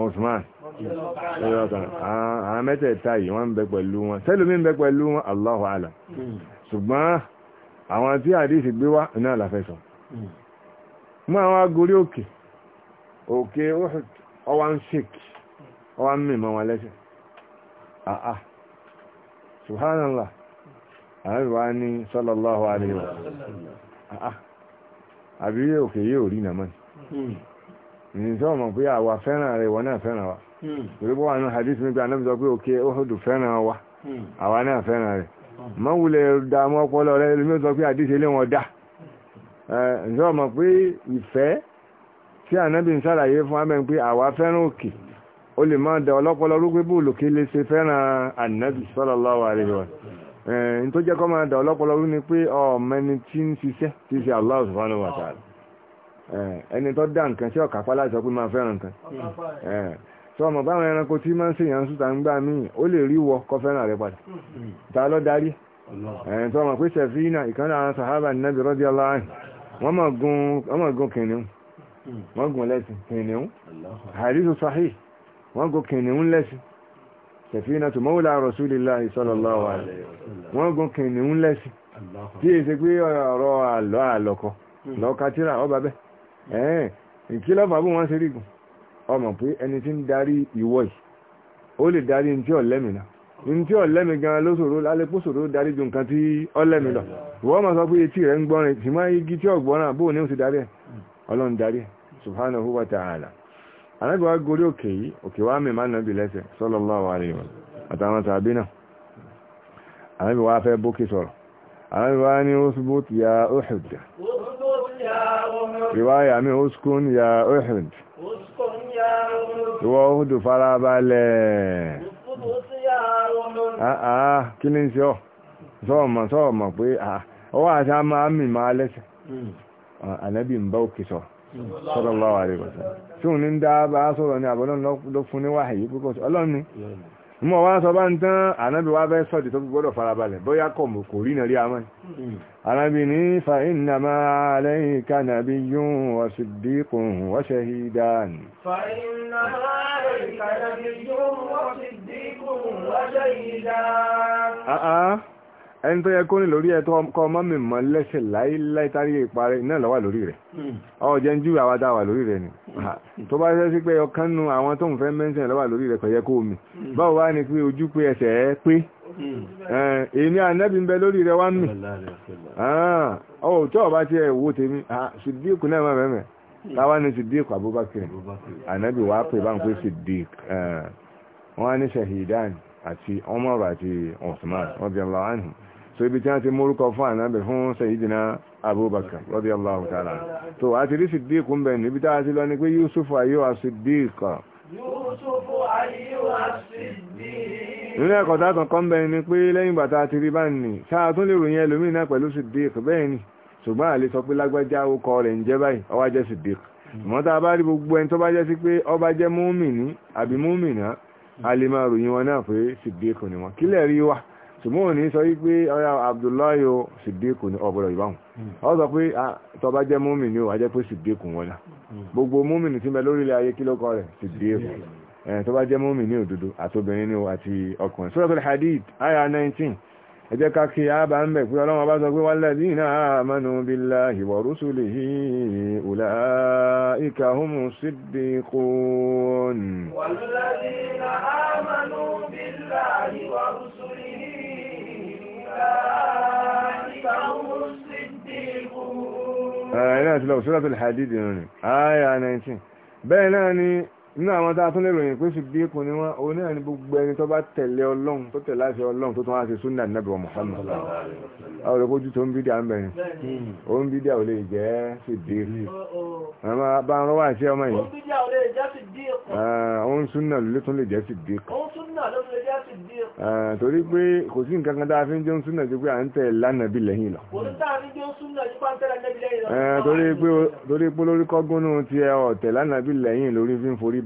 Osman àwọn mẹ́tẹ̀ẹ̀ta yìí wọ́n ń bẹ pẹ̀lú wọn tẹ́lómi ń bẹ pẹ̀lú wọn Allahu alam ṣùgbọ́n àwọn tí àdíṣì gbé wá náà làfẹ́sọ̀ mú àwọn agorí òkè òkè ọwá ń ṣèkì ọwá ń mìmọ̀ wọn lẹ́sẹ̀ àà subhanallah àríwá ní sallallahu alaihi wa àbí òkè yóò rí nàmọ́ ìsọ́ ọmọ pé àwa fẹ́ràn rẹ̀ ìwọ náà fẹ́ràn wa hmm. torí bọ́ wà ní hadith nígbà náà sọ pé òkè òhùdù fẹ́ràn wa hmm. àwa náà fẹ́ràn rẹ̀ mọ́ wulẹ̀ dààmú ọpọlọ rẹ̀ ẹlòmí sọ pé hadith ilé wọn dà ìsọ́ ọmọ pé ìfẹ́ tí ànábì ń sàlàyé fún amẹ́ pé àwa fẹ́ràn òkè ó lè máa da ọlọ́pọlọ rúgbé bóòlù kí lè ṣe fẹ́ràn ànábì sallallahu alaihi wa sallam tó jẹ́ kọ́ máa da ọlọ́pọlọ rú ni pé ọmọ ẹni tí ń ṣiṣẹ́ ti ṣe Allah subhanahu wa ta'ala Eh, ẹni tó dá nǹkan sí ọ̀kápá láti sọ pé máa fẹ́ràn nǹkan eh, sọ ọmọ báwọn ẹranko tí máa ń ṣèyàn súta ń gbà míì ó lè rí wọ kọ fẹ́ràn rẹ padà ta lọ darí tó eh, ọmọ pé sàhábà nàbì wọ́n mọ̀ gun kìnìún wọ́n gun lẹ́sìn kìnìún wọ́n gun kìnìún lẹ́sìn tó wọ́n gun kìnìún lẹ́sìn tí èsì pé ọ̀rọ̀ àlọ́ àlọ́kọ hmm. lọ́kàtírà ẹ̀ẹ́n ìkílọ́fà bí wọ́n ṣe rí ọmọ pé ẹni tí ń darí ìwọ yìí ó lè darí ní tí ọ̀lẹ́mì náà ní tí ọ̀lẹ́mì gan ló ṣòro lálẹ́pọ̀ ṣòro darí ju nǹkan tí ọ̀lẹ́mì lọ ìwọ́n máa sọ pé etí rẹ̀ ń tì máa igi tí ọ̀gbọ́nà bóun ní oṣù darí ẹ̀ ọlọ́run darí ẹ̀ subhanahu ta'ala alágbèwá gorí òkè yìí òkè wa mi máa nàbì lẹ́sẹ̀ riwaya mi uskun ya uhud ìwọ uhudu farabalẹ̀ àà ah, ah, kí ní ma ọ ma sọ́ọ̀mọ̀ pé o ah, wa a máa mì máa lẹ́sẹ̀ hmm. ànábì ń bá òkè sọ hmm. sallallahu alaihi wasallam tí òun ba ń dá bá sọ̀rọ̀ ní àbọ̀lọ́n ló fún ní wáhàyí púpọ̀ ọlọ́ni hmm. mọ̀ wá sọ bá ń tán ànábì wá fẹ́ sọ́dì tó gbọ́dọ̀ farabalẹ̀ bóyá kọ̀ mọ̀ kò rí nà rí amọ́ ànábì ní fa innama alayka nabiyyun wa siddiqun wa shahidan fa innama alayka nabiyyun wa siddiqun wa shahidan ah, ah ẹni tó yẹ kó ní lórí ẹ̀tọ́ kọ ọmọ mi mọ lẹ́sẹ̀ láíláí tárí ìparẹ́ náà ló wà lórí rẹ̀ ọjẹ hmm. ń júwe àwàdà wà lórí rẹ̀ ni hmm. tó bá ṣe sí pé ọkàn nu àwọn tó ń fẹ́ mẹsàn ló wà lórí rẹ̀ kò yẹ kó omi hmm. báwo wá ni pé ojú pé ẹsẹ̀ ẹ pé èmi ànábì ń bẹ lórí rẹ̀ wá ń mì ọ tó ọba tí ẹ wo tèmi ṣùdíkù náà má mẹ́mẹ́ táwa ni ṣùdíkù Abubakar ànábì wàá pè bá ń pè ṣùdíkù wọn á ní ṣàhídán àti Umar àti Usman radiyallahu anhu so ibi tí wọ́n ti mórúkọ fún ànábẹ̀ fún sayidina abubakar radiyallahu ta'ala so àti rí siddiq ń bẹ̀ níbi tá a ti lọ ni pé yusuf ayo asiddiq yusuf ayo asiddiq nínú ẹ̀kọ́ tá kan kan bẹ̀ ni pé lẹ́yìn bàtà ti rí báyìí ni sáà tún lè ròyìn ẹlòmíràn pẹ̀lú siddiq bẹ́ẹ̀ ni ṣùgbọ́n àlè sọ pé lágbájá ó kọ rẹ̀ ń jẹ́ báyìí ó jẹ́ siddiq mọ́ tá a bá rí gbogbo ẹni tó bá jẹ́ sí pé ó jẹ́ múmìnì àbí múmìnà a lè máa ròyìn wọn náà pé siddiq ni wọn kílẹ̀ rí wa tìmọ́ ní sọ wípé ọ̀yà Abdullahi o Siddiq ní ọ̀bọ̀dọ̀ ìbáhùn hmm. ọ sọ pé ah, tọba jẹ́ múmi ni o ajẹ́ pé Siddiq wọn náà hmm. gbogbo múmi ní tìmẹ́ lórílẹ̀ ayé kí ló kọ rẹ̀ Siddiq tọba jẹ́ múmi ní òdodo àtobìnrin ni o àti ọkùnrin Suratul Hadid ayah 19 ẹ jẹ́ ká kí ààbà ń bẹ̀ pé ọlọ́run bá sọ pé walladhina amanu billahi wa rusulihi ulaika humu siddiqun walladhina amanu billahi wa rusulihi ẹ̀rẹ́ náà ti lọ suratul Hadid ìrìn àyà 19 bẹ́ẹ̀ náà ni nínú àwọn tá a tún lè ròyìn pé ṣùgbọ́n ni wọ́n òun náà ni gbogbo ẹni tó bá tẹ̀lé ọlọ́run tó tẹ̀lé àṣẹ ọlọ́run tó tún wá ṣe súnà nàbì wa Muhammad àwọn olùkójú tó ń bídí à ń bẹ̀rẹ̀ ó ń bídí àwọn olè jẹ́ ṣùgbọ́n àmọ́ bá ń rọ́wọ́ àṣẹ ọmọ yìí òun súnà ló tún lè jẹ́ ṣùgbọ́n torí pé kò sí nǹkan kan tá a fi ń jẹun súnà ju pé à ń tẹ̀ lánàbí lẹ́yìn lọ torí pé lórí kọ́gbónú ti ẹ ọ̀tẹ̀ lánàbí lẹ́yìn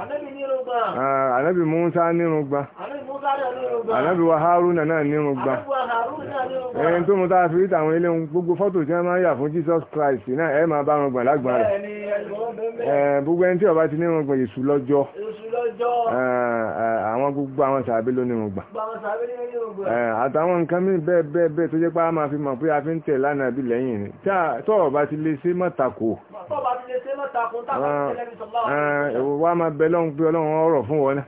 Ànábì ah, Musa nírùngbà. Ànábì wa Haruna náà nírùngbà. Ẹni tó mú tá a fi ríta àwọn ilé gbogbo fọ́tò tí wọ́n máa ń yà fún Jesus Christ náà ẹ máa bá wọn gbà lágbà rẹ̀. Eh, gbogbo ẹni tí ọba ti nírùngbà Èṣù lọ́jọ́. Eh, eh, àwọn gbogbo àwọn sàbí ló nírùngbà. Àtàwọn nǹkan mí bẹ́ẹ̀ bẹ́ẹ̀ bẹ́ẹ̀ tó jẹ́ pé a máa fi mọ̀ pé a fi ń tẹ̀ lánàá bí lẹ́yìn ni. Tọ́ọ̀ bá ti lè ṣe mọ́tàkù ẹ̀wọ̀ ah, ah, wá máa bẹ lọ́hùn pé ọlọ́run ọ̀rọ̀ fún wọn náà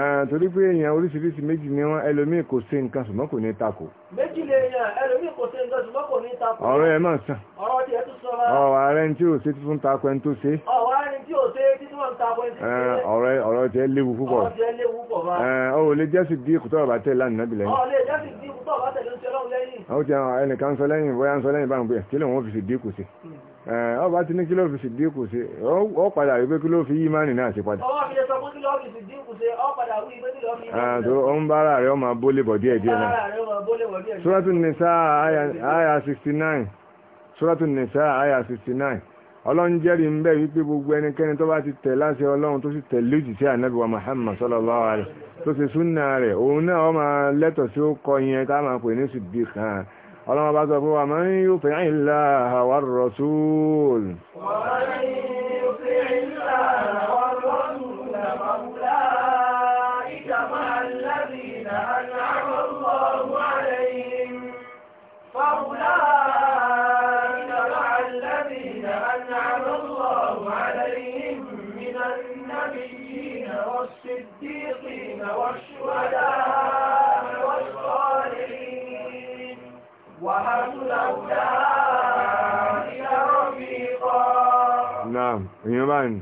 ah, torí pé èèyàn oríṣiríṣi méjì ni wọ́n ẹlòmíì kò ṣe nǹkan ṣùgbọ́n kò ní takò méjì lè èèyàn ẹlòmíì kò ṣe nǹkan ṣùgbọ́n kò ní takò ọ̀rọ̀ ẹ̀ máa sàn ọ̀rọ̀ ti ẹ̀ tún sọ máa ọ̀rọ̀ ààrẹ tí ò ṣe tí fún takò ẹni tó ṣe ọ̀rọ̀ ààrẹ tí ò ṣe tí wọ́n ń takò ẹni tó ṣe ọ̀rọ̀ ti ẹ̀ léwu púpọ̀ ọ̀rọ̀ ti ẹ̀ léwu púpọ̀ máa ọ̀ lè jẹ́sì bí kùtọ́ ọ̀bà tẹ̀ lánàá bìlẹ̀ yìí ọ̀ lè jẹ́sì bí kùtọ́ ọ̀bà tẹ̀ ló ń ṣe lọ́run hmm. lẹ́yìn ọ eh, ti ní kí ló fi ọ padà wípé kí ló fi ìmánì náà ṣe padà. ọwọ́ fi lè sọ pé kí ló fi ọ padà wípé kí ló fi ìmánì ah, náà ṣe padà. ọ̀n bára bọ̀ díẹ̀ díẹ̀ náà. Suratul Nisa àyà 69 àyà 69 ọlọ́run jẹ́rìí ń wípé gbogbo ẹnikẹ́ni tó bá ti tẹ̀ láṣẹ ọlọ́run tó sì ànábì wa Muhammad tó ṣe súnà rẹ̀ òun náà máa sí ọlọ́wọ́ bá sọ fún wa man yuti' Allaha war rasul والصديقين والشهداء èèyàn bá ní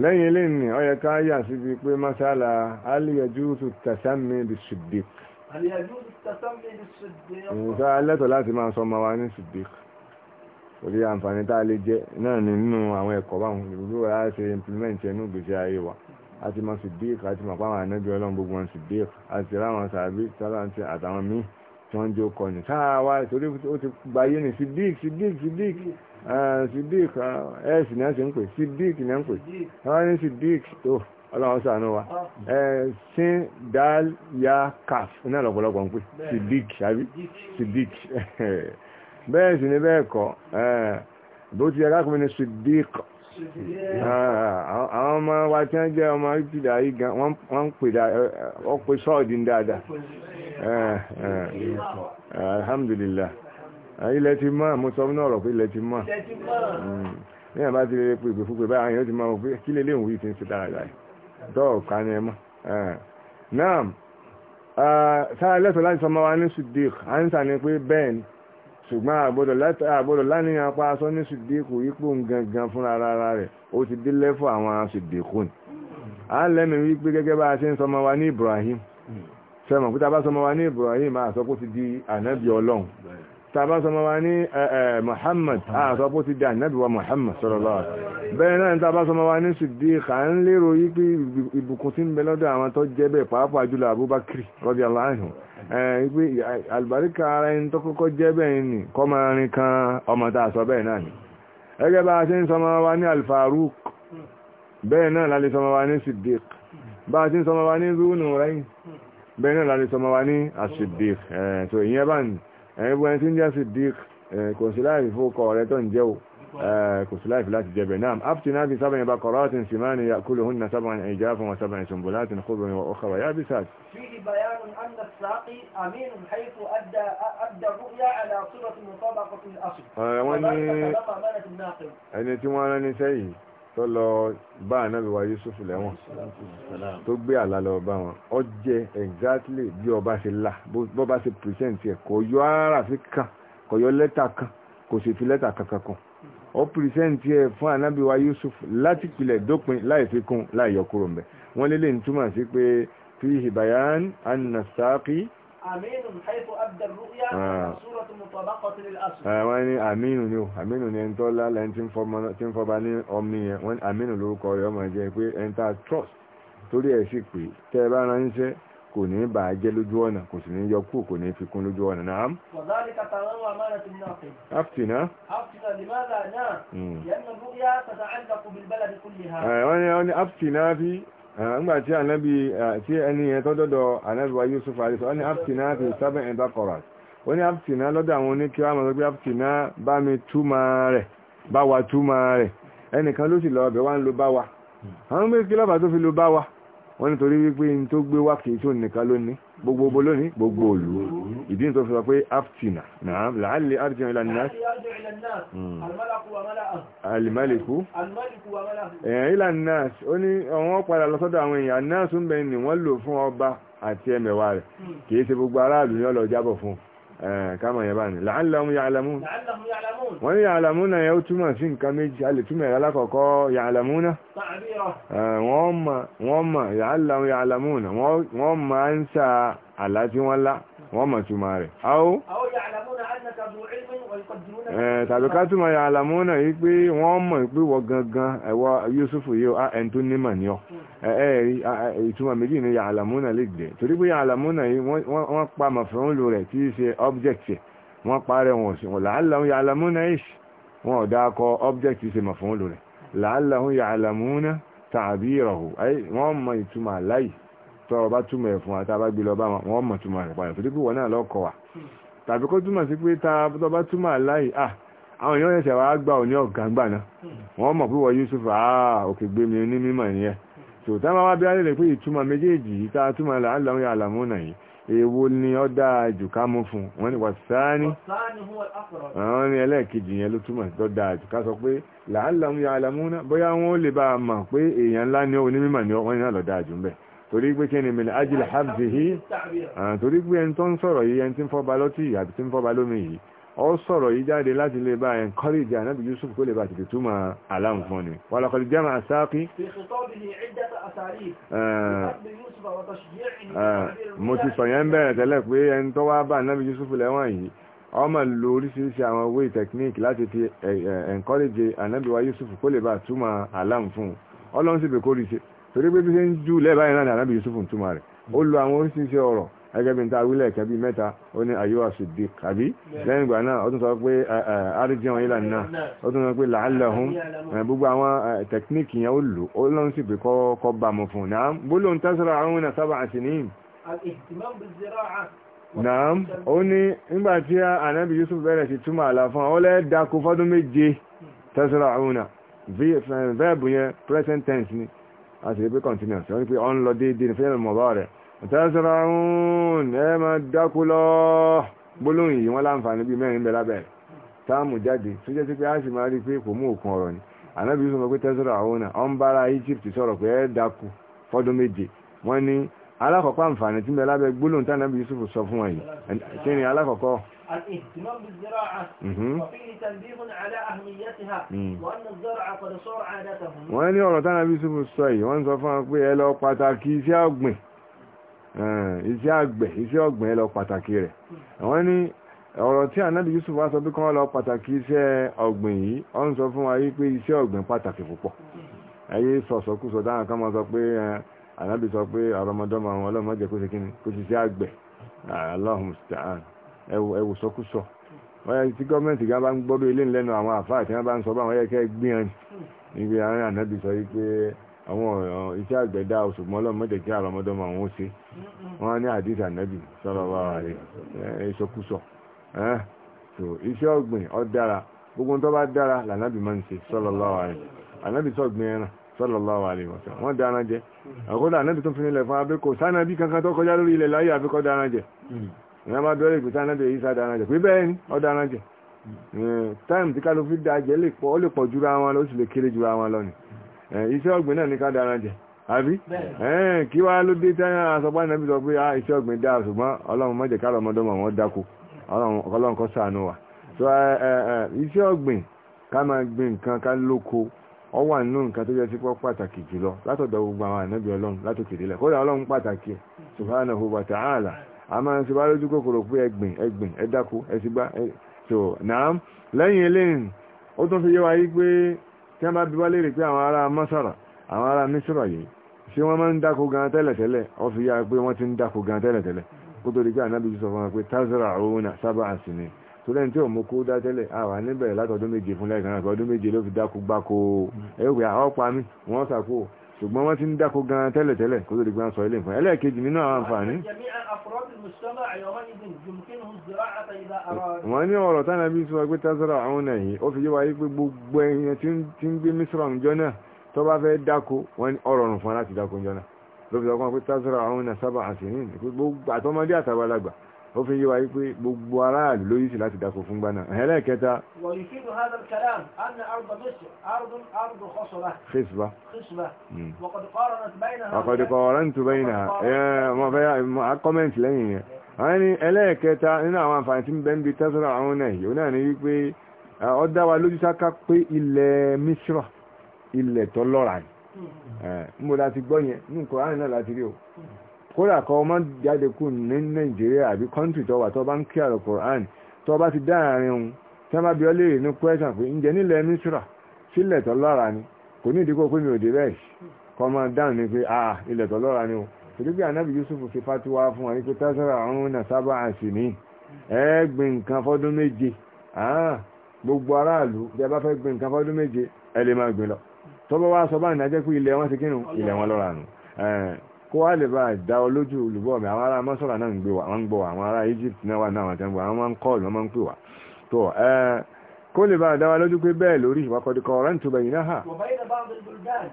lẹ́yìn ilé ní ọyẹ ká yà síbi pé masala aliyajusu tasami bi siddiq ìrìnsá alẹ́tọ̀ láti máa sọ ọmọ wa ní siddiq orí àǹfààní tá a lè jẹ náà nínú àwọn ẹ̀kọ́ báwọn ìrúgbó wa á ṣe implement ẹnu gbèsè ayé wa a ti mọ siddiq a ti mọ ọlọ́run gbogbo wọn siddiq a ráwọn sàbí tọ́lá àtàwọn míì tí wọ́n jó kọ ní sáà wá torí ó ti gbayé ní sidik sidik sidik sidik ẹ̀ẹ́sì ah, ah, náà ṣe ń pè sidik náà ń pè wọ́n ní sidik tó ọlọ́run ṣàánú wa ah. eh, sin dal ya kaf náà lọ́pọ̀lọpọ̀ ń pè sidik àbí sidik bẹ́ẹ̀ sì ni bẹ́ẹ̀ kọ́ eh, bó ti yẹ káàkiri ní sidik àwọn ọmọ wa tí wọ́n jẹ́ ọmọ ìpìdá yìí gan wọ́n pè eh, sọ́ọ̀dì ń dáadáa Eh, eh, alhamdulillah eh, ilẹ̀ ti mọ́ mo sọ náà rọ̀ pé ilẹ̀ ti mọ́ ní àbá ti lè pè fúnpẹ̀ báyìí àwọn èèyàn ti máa pé kí lè léhùn yìí ti ń ṣe dáadáa dọ́ọ̀ ká ní ẹmọ́ náà sáà lẹ́tọ̀ọ́ láti sọmọ wa ní sùdík àǹsà ni pé bẹ́ẹ̀ ni ṣùgbọ́n àgbọ́dọ̀ láníyàn apá aṣọ ní sùdíkù ipò gangan fúnra rárá rẹ̀ ó ti dé lẹ́fọ̀ àwọn sùdíkù ni à ń wípé gẹ́gẹ́ bá a ṣe ń sọmọ wa ní Ibrahim sẹ́mọ̀ pé tàbá sọmọ wa ní Ibrahim àsọpọ̀ ti di ànábì ọlọ́run tàbá sọmọ wa ní Muhammad àsọpọ̀ ti di ànábì wa Muhammad sallallahu alaihi wasallam bẹ́ẹ̀ náà tàbá sọmọ wa ní Siddiq à ń lérò yí pé ìbùkún ti ń bẹ lọ́dọ̀ àwọn tó jẹ́ bẹ́ẹ̀ pàápàá jùlọ Abubakar radiyallahu anhu pé bá a ṣe sọmọ wa ní Al-Faruq bẹ́ẹ̀ bẹ́ẹ̀ náà lálẹ́ sọmọ wa ní asidik tó ìyẹn bá ní ẹgbẹ́ tí ń jẹ́ asidik kò sí láì fi fókọ rẹ tó ń jẹ́ o kò sí láì fi láti jẹ́ bẹ́ẹ̀ náà afti náà fi sábà yẹn bá kọ̀rọ̀ àti nsìmá ni yakulu hunna sábà ìjà fún wa sábà sọmbọ láti ní kóbìnrin wa ọkọ wa bí sáà. ẹni tí wọ́n rán ní sẹ́yìn tó lọ bá ànábì wa Yusuf lẹ́wọ̀n tó gbé àlá lọ bá wọn ó jẹ exactly bí ọba ṣe là bó bá ṣe present ẹ̀ kò yọ àràfin kan kò yọ lẹ́tà kan kò sì fi lẹ́tà kankan kan ó pìrìsẹ́ǹtì ẹ̀ fún ànábì wa Yusuf láti pilẹ̀ dópin láì fi kún láì yọ kúrò mbẹ̀ wọ́n lélẹ̀ ń túmọ̀ sí pé fi hibayan anasaki Ah. Ah, wọ́n ní àmínú ni ó àmínú ni ẹni tó lálẹ́ tí ń fọba ní ọmọ yẹn wọ́n ní àmínú lórúkọ rẹ̀ ọmọ jẹ́ pé ẹni tá trust torí ẹ̀ sì pé tẹ́ ẹ bá ránṣẹ́ kò ní bà á jẹ́ lójú ọ̀nà kò sì ní yọ kú kò ní fi kún lójú ọ̀nà náà. wàhálì kàtà wọn wà ti náà fẹ́. aftina. aftina limadha náà. yẹn ní bóyá tàtà àjà kò bí bẹ́lẹ̀ bí kò lè ha. wọ́n ní aftina fi nígbà ah, tí ànábì ah, tí ẹni yẹn tó dọ́dọ̀ ànábì wa Yusuf àrísọ ó ní aptina fi sábẹ̀ ẹ̀dá kọ̀rọ̀ ó ní aptina lọ́dọ̀ àwọn oníkí wa mọ̀ pé aptina bá mi túmọ̀ rẹ̀ bá wa túmọ̀ rẹ̀ ẹnìkan ló sì lọ ọbẹ̀ be ń lo bá wa àwọn méjì lọ́bàá tó fi lo bá wa wọ́n nítorí wípé n tó gbé wá kìí tó nìkan lónìí gbogbo obo lónìí gbogbo òlú ìdí ní tó fi sọ pé aftina náà làálẹ̀ arjẹ́ ìlà nìyà hmm. alimaliku èèyàn ìlà nìyà ó ní àwọn padà lọ sọ́dọ̀ àwọn èèyàn náà tún bẹ́ẹ̀ ni wọ́n lò fún ọba àti ẹmẹ̀wà rẹ̀ hmm. kìí ṣe gbogbo aráàlú ní ọlọ́jábọ̀ fún un Eh, kama yaba ni la'allahum ya'lamun wọ́n ní ya'lamuna yẹ́ ó túmọ̀ sí nǹkan méjì a lè túmọ̀ ẹ̀rọ alákọ̀ọ́kọ́ ya'lamuna wọ́n mọ̀ ya'allahum ya'lamuna wọ́n mọ̀ ń sa àlá tí wọ́n lá wọ́n mọ̀ túnmà rẹ̀ áó tàbí ká túnmà ya alamúnà yí pé wọ́n mọ̀ pé wọ́n gangan ẹ̀wọ́ Yusufu yóò ẹn tó nímọ̀ ní ọ ẹ̀ẹ́rí ìtumọ̀ méjì ní ya alamúnà lè gbé torí pé ya alamúnà yí wọ́n pa mọ̀fẹ́húnlò rẹ̀ tí í ṣe object wọ́n parẹ́ wọn sí wọn làálàhún ya alamúnà ish wọn ò dákọ object ṣe mọ̀fẹ́húnlò rẹ̀ làálàhún ya alamúnà tàbí ìrọ̀hù wọ́n mọ̀ ìtumọ̀ láì tọ́ ọba túmọ̀ ẹ̀ fún wa tá a bá gbé lọ bá wọn wọ́n mọ̀ túmọ̀ rẹ̀ padà torí pé wọ́n náà lọ́kọ̀ wa tàbí kó túmọ̀ sí pé tá a túmọ̀ láì à àwọn èèyàn ẹ̀sẹ̀ wa gbà ò ní ọ̀gáǹgbà náà wọ́n mọ̀ pé wọ́n Yusuf àà òkè gbé mi ní mímọ̀ nìyẹn tò tá a máa wá bí alẹ́ pé ìtumọ̀ méjèèjì yìí tá a túmọ̀ láàlọ́run àlàmú náà yìí èwo ni ó dáa jù ká mú fún wọ́n ni wàsáání àwọn ni ẹlẹ́ẹ̀kejì yẹn ló túmọ̀ tó dáa jù ká sọ pé làálàmú ya àlàmú náà bóyá wọ́n lè bá a mọ̀ pé èèyàn ńlá ni ó ní mímọ̀ ni wọ́n ní náà lọ ń bẹ́ẹ̀ torí pé kíni mìlẹ̀ ajílẹ̀ hapsi yìí torí pé ẹni tó ń sọ̀rọ̀ yìí ẹni tí ń fọ́ba lọ́tí àti tí ń fọ́ba lómi yìí ó sọ̀rọ̀ yìí jáde láti lè bá encourage ànábì Yusuf kó lè bá tètè túmọ̀ aláhùn fún ni wà lọ́kọ̀lù jẹ́mà àsáàkí mo ti sọ yẹn bẹ̀rẹ̀ tẹ́lẹ̀ pé ẹni tó wá bá ànábì Yusuf lẹ́wọ̀n yìí ó máa lo oríṣiríṣi àwọn way technique láti fi encourage ànábì wa Yusuf kó lè bá túmọ̀ aláhùn ọlọ́run sì bẹ̀ kórìí torí pé bí ṣe ń ju lẹ́ẹ̀bá yẹn náà ní anábì yusuf ń túmọ̀ rẹ̀ ó lo àwọn oríṣiríṣi ọ̀rọ̀ gẹ́gẹ́ bí n ta wílẹ̀ kẹ́bí mẹ́ta ó ní ayéwà sùdí àbí lẹ́yìn ìgbà náà ó tún sọ pé àríjẹun ilà náà ó tún sọ pé làálẹ̀hún gbogbo àwọn tẹkíníkì yẹn ó lò ó lọ́n sì pé kọ́ bá mu fún un náà gbólóhùn tẹ́sọ̀rọ̀ àwọn ìnà sábà àṣìníyìn. náà ó ní nígbà tí ànábì yusuf bẹ̀rẹ̀ sí túmọ̀ àlàfọ́n ó lẹ́ dákú fọ́dún méje hmm. tẹ́sọ̀rọ̀ àwọn ìnà verb yẹn present tense ni a sì rí pé continuous wọ́n ní pé ọ́n lọ déédéé ní fẹ́lẹ̀ mọ̀bá rẹ̀ tẹ́sọ̀rọ̀ ọ̀hún ẹ máa dákú lọ gbólóhùn yìí wọ́n láǹfààní bíi mẹ́rin bẹ lábẹ́ táàmù jáde tó jẹ́ sí pé a sì máa rí pé kò mú òkun ọ̀rọ̀ ni ànábì sọ pé tẹ́sọ̀rọ̀ ọ̀hún ọ̀ bára Egypt sọ̀rọ̀ pé ẹ dákú fọ́dún méje wọ́n ni alákọ̀ọ́kọ́ الاهتمام بالزراعة وفيه تنبيه على أهميتها وأن الزرع قد صار عادته wọ́n ní ọ̀rọ̀ tánà bí وأن sọ yìí wọ́n sọ fún wa pé ẹ lọ pàtàkì iṣẹ́ ọ̀gbìn iṣẹ́ àgbẹ̀ iṣẹ́ ọ̀gbìn ẹ lọ pàtàkì rẹ̀ wọ́n ní ọ̀rọ̀ tí ànábì Yusuf wá sọ bí kán lọ pàtàkì iṣẹ́ ọ̀gbìn yìí ó ń sọ fún wa yìí pé iṣẹ́ ọ̀gbìn pàtàkì púpọ̀ ẹyẹ sọ̀sọ̀kúsọ dáhùn kan máa sọ pé ànábì sọ pé àrọmọdọ́mọ àwọn ọlọ́mọdé kó ṣe kí ni kó ṣiṣẹ́ àgbẹ̀ Allahumma musta'an ẹwù sọkúsọ wọ́n tí gọ́ọ̀mẹ̀ntì gan bá ń gbọ́dọ̀ ilé ńlẹ́nu àwọn àfáà tí wọ́n bá ń sọ báwọn yẹ́kẹ́ gbìyànjú níbi àárín ànábì sọ wípé àwọn ọ̀ràn iṣẹ́ àgbẹ̀dá òṣùgbọ́n ọlọ́mọdé kí àrọmọdọ́mọ àwọn ó ṣe wọ́n ní àdìsí ànábì sọ̀rọ̀ wà rẹ̀ ìṣọkúsọ iṣẹ́ ọ̀gbìn ó dára gbogbo tó bá dára lànábì máa ń ṣe sọ̀rọ̀ wà rẹ̀ ànábì sọ̀gbìn ẹran sallallahu alaihi wasallam wọ́n dáná jẹ́ àkọ́dà ànábì tó fi nílẹ̀ fún abẹ́kọ̀ sáà náà bí kankan tó kọjá lórí ilẹ̀ láyé àfikọ́ dáná jẹ́ ìyá bá dọ́rọ̀ ìpè tánà bẹ̀rẹ̀ ìsá dáná jẹ pé bẹ́ẹ̀ ni ọ dáná jẹ tí kálọ́ fi da jẹ ó lè pọ̀ jura wọn lọ sì lè kéré jura wọn lọ ni iṣẹ́ ọ̀gbìn náà ní ká dáná jẹ àbí kí wàá ló dé táyà àsọpá nàbí sọ pé ah, iṣẹ́ ọ̀gbìn dá ṣùgbọ́n ọlọ́run má jẹ́ wọn dáko ọlọ́run wa iṣẹ́ ọ̀gbìn ká máa gbin nǹkan ká lóko ọ wà nínú nǹkan tó sí pàtàkì jùlọ a máa ń ṣe bá lójú kòkòrò fún ẹgbìn ẹgbìn ẹdáko ẹsìgbá so náà lẹ́yìn eléyìn ó tún fi yé wa yí pé tí wọ́n bá bí wálé rè pé àwọn ará masara àwọn ará misra yìí ṣé wọ́n máa ń dáko gan tẹ́lẹ̀tẹ́lẹ̀ ó fi yá pé wọ́n ti ń dáko gan tẹ́lẹ̀tẹ́lẹ̀ kó tó di pé ànábì sọ fún wa pé tazara òun sábà àsìnì tó lẹ́yìn tí ò mú kó dá tẹ́lẹ̀ àwà níbẹ̀rẹ̀ látọdún méje fún lẹ́ẹ̀kan náà ọdún méje ló fi dáko gbáko ẹ̀ ṣùgbọ́n wọ́n ti ń dákó gan tẹ́lẹ̀tẹ́lẹ̀ kó tó di gbọ́n sọ ilé ìfún ẹlẹ́ẹ̀kejì nínú àwọn àǹfààní wọ́n ní ọ̀rọ̀ tánà bí sọ pé tásọ́rọ̀ àwọn náà yìí ó fi yíwa yí pé gbogbo ẹ̀yẹn tí ń gbé mísírọ̀ ǹjọ́ náà tó bá fẹ́ dákó wọ́n ọ̀rọ̀ rùn fún aláti dákó ǹjọ́ náà ló fi sọ pé tásọ́rọ̀ àwọn náà sábà àṣírí ó fi yíwa wípé gbogbo aráàlú ló yìí sí láti dákò fún gbaná ẹlẹ́ẹ̀kẹta fíṣbá ọkọ̀dùkọ̀ ọ̀rọ̀ ń tó bẹ́yìn náà ẹ̀ẹ́ kọ́mẹ́ntì lẹ́yìn yẹn wọ́n ní ẹlẹ́ẹ̀kẹta nínú àwọn àǹfààní tí ń bẹ́ ń bi tẹ́sọ́rọ̀ àwọn náà yìí ó náà ní wípé ó dá wa lójú kódà kọ́ ọmọ jáde kù ní nàìjíríà àbí kọ́ńtì tó wà tó bá ń kí àrò Quran tó bá ti dáàrin òun tí wọ́n bá bí ọ léèrè ní kwẹ́sàn pé ǹjẹ́ nílẹ̀ Mísírà sílẹ̀ tó lọ́ra ni kò ní ìdíkò pé mi ò dé bẹ́ẹ̀ kọ́ ọmọ dáhùn ni pé ah ilẹ̀ tó lọ́ra ni o torí pé anábì Yusuf fi fatiwa fún wa ní pé tásàrà ọ̀run náà sábà àṣì ní ẹ gbìn nǹkan fọ́dún méje ah, gbogbo aráàlú bí a bá fẹ́ gbìn nǹkan fọ́dún méje ẹ lè máa gbìn lọ tọ́bọ̀ wá sọ báyìí náà jẹ́ pé ilẹ̀ wọn ti kírun ilẹ̀ wọn lọ́ra nù kó wá lè bá dá ọ lójú olùgbọ́ mi àwọn ará mọ́sọ̀rọ̀ náà ń gbé wa àwọn ń gbọ́ wa àwọn ará Egypt náà wà náà wọ́n ti ń gbọ́ àwọn máa ń kọ́ọ̀lù wọ́n máa ń pè wá tó ẹ kó lè bá dá wa lójú pé bẹ́ẹ̀ lórí ìwakọ̀dìkọ̀ ọ̀rẹ́ ìtúbẹ̀ yìí náà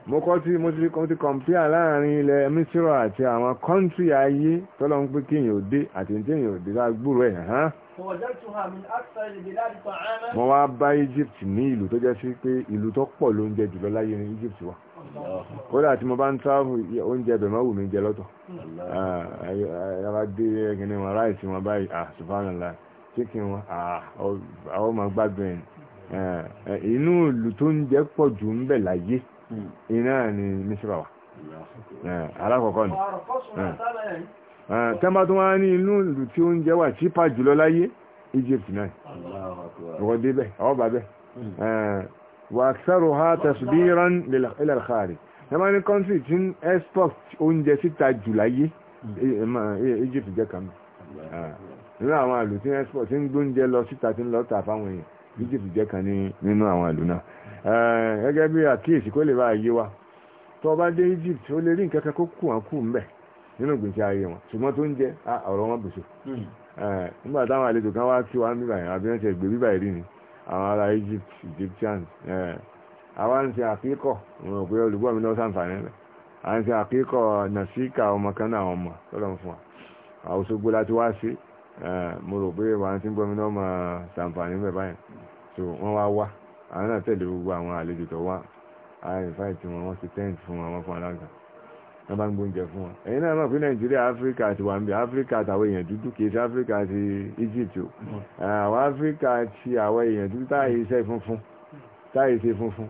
mo kọ́ tí mo ti kọ̀mpíà láàrin ilẹ̀ mísírọ̀ àti àwọn kọ́ńtì ayé tọ́lọ́ ń pé kéèyàn ò dé àti téèyàn ò dé lágbúrò ẹ̀ hàn mo wá bá Egypt ní ìlú tó jẹ́ sí pé ìlú tó pọ̀ ló ń jẹ jùlọ láyé ní Egypt wa kódà tí mo bá ń tábù oúnjẹ ẹbẹ̀ máa wù mí jẹ lọ́tọ̀ yàrá dé ẹgbẹ̀ni wọn ráìsì wọn báyìí ah subhanallah chicken wọn ah àwọn ọmọ gbádùn ẹ̀ inú ìlú tó ń jẹ pọ̀ jù ń bẹ̀ láyé iná ni mísírà wà alákọ̀ọ́kọ́ ni tẹ́mbà tó wá ní inú ìlú tí ó ń jẹ́ wà chípa jùlọ láyé Egypt náà ọkọ̀ débẹ̀ ọba bẹ́ẹ̀ wà sẹ́rù ha tẹ̀sùbíran ilẹ̀ àkàrí ẹmà ní kọ́ntì tí ń export oúnjẹ síta jù láyé hmm. Egypt jẹ́ kan hmm. ah. nínú àwọn àlù tí ń export tí ń gbóúnjẹ lọ síta tí ń lọ tà fáwọn èèyàn Egypt jẹ́ kan nínú àwọn àlù náà eh, gẹ́gẹ́ bí àkíyèsí kó lè bá yé wa tó bá dé Egypt ó lè rí nǹkan kan kó kù wọn kù ń bẹ̀ nínú ìgbésí ayé wọn ṣùgbọ́n tó ń jẹ́ ah, ọ̀rọ̀ wọn bùṣọ hmm. eh, nígbà táwọn àlejò kan wá kí wa ń bíbà yẹn àbí wọ́n ti gbé bíbà yìí rí ni àwọn ará Egypt Egyptians àwọn eh, ń ṣe àkíkọ̀ ìwọ̀n pé olùgbọ́ mi lọ́sàn fàní rẹ̀ à ń ṣe àkíkọ̀ nàṣíkà ọmọ kan náà ọmọ tọ́lọ̀ fún wa àwòsógbó láti wá sí eh, mo rò pé wà ń tí ń gbọ́ mi náà mọ̀ sàǹfààní mẹ́ báyìí so wọ́n wá wá àwọn náà tẹ̀lé gbogbo àwọn àlejò tó wá àìfáì tí wọ́n wọ́n ti tẹ́ǹtì fún wọn fún aláǹgbà wọn bá ń gbóúnjẹ fún wọn ẹ̀yin náà mọ̀ pé nàìjíríà áfíríkà àti wàmbi áfíríkà àtàwọn èèyàn dúdú kìí ṣe áfíríkà àti egypt o hmm. àwọn áfíríkà àti àwọn èèyàn dúdú táyé iṣẹ́ funfun táyé ṣe funfun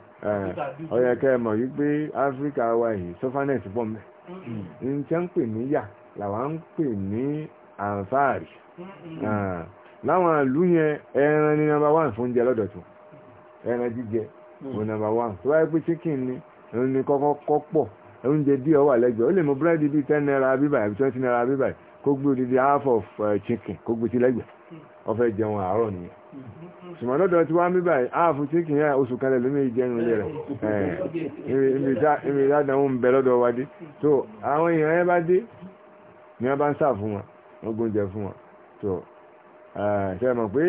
ọ̀yẹ̀ kẹ́ ẹ mọ̀ wípé áfíríkà wa yìí sọ́fánẹ̀ ti pọ̀ mẹ́ hmm. nǹkan pè ní yà làwọn ń pè ní àǹfààrí hmm. láwọn ìlú yẹn ẹran ní nọ́mbà wán fún oúnjẹ lọ́dọ̀ tó ẹran jíjẹ ní nọ́mbà wán tó wáyé pé chicken ni òun ni kọ́kọ́ oúnjẹ díẹ̀ wà lẹ́gbẹ̀ẹ́ ó lè mú búrẹ́dì bíi ten naira bíbà àbí twenty naira bíbà kó gbé odidi half of eh, chicken kó gbé sí lẹ́gbẹ̀ẹ́ ọ̀fẹ́ jẹun àárọ̀ nìyẹn ṣùgbọ́n lọ́dọ̀ tí wọ́n bíbà half chicken yẹn oṣù kan lẹ́lómi ìjẹun ilé rẹ̀ eh, ibi ìdádánwò ń bẹ lọ́dọ̀ wa dé tó àwọn èèyàn yẹn bá dé ni wọ́n bá ń sà fún wọn wọ́n gbóúnjẹ fún wọn tó eh, ṣe mọ̀ pé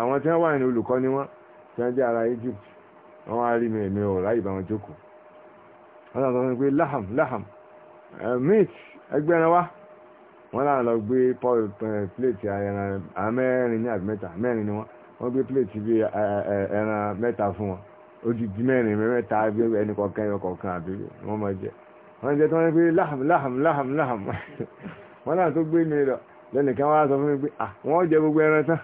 àwọn tí wọ́n wà ní olùkọ́ ni tí wọ́n jẹ́ ara Egypt wọ́n wá rí mi èmi ò ráyè bá wọn jókòó wọ́n náà lọ gbé laham laham meat ẹgbẹ́ ẹran wọ́n náà lọ gbé plate ẹran mẹ́rin ní àbí mẹ́rin ni wọ́n wọ́n gbé plate bí ẹran mẹ́ta fún wọn odidi mẹ́rin mẹ́ta bí ẹni kọ̀ọ̀kan ẹyọ kọ̀ọ̀kan àbí wọ́n máa jẹ wọ́n jẹ tí wọ́n gbé laham laham laham laham wọ́n náà tó gbé mi lọ sọ fún mi pé wọ́n jẹ gbogbo ẹran tán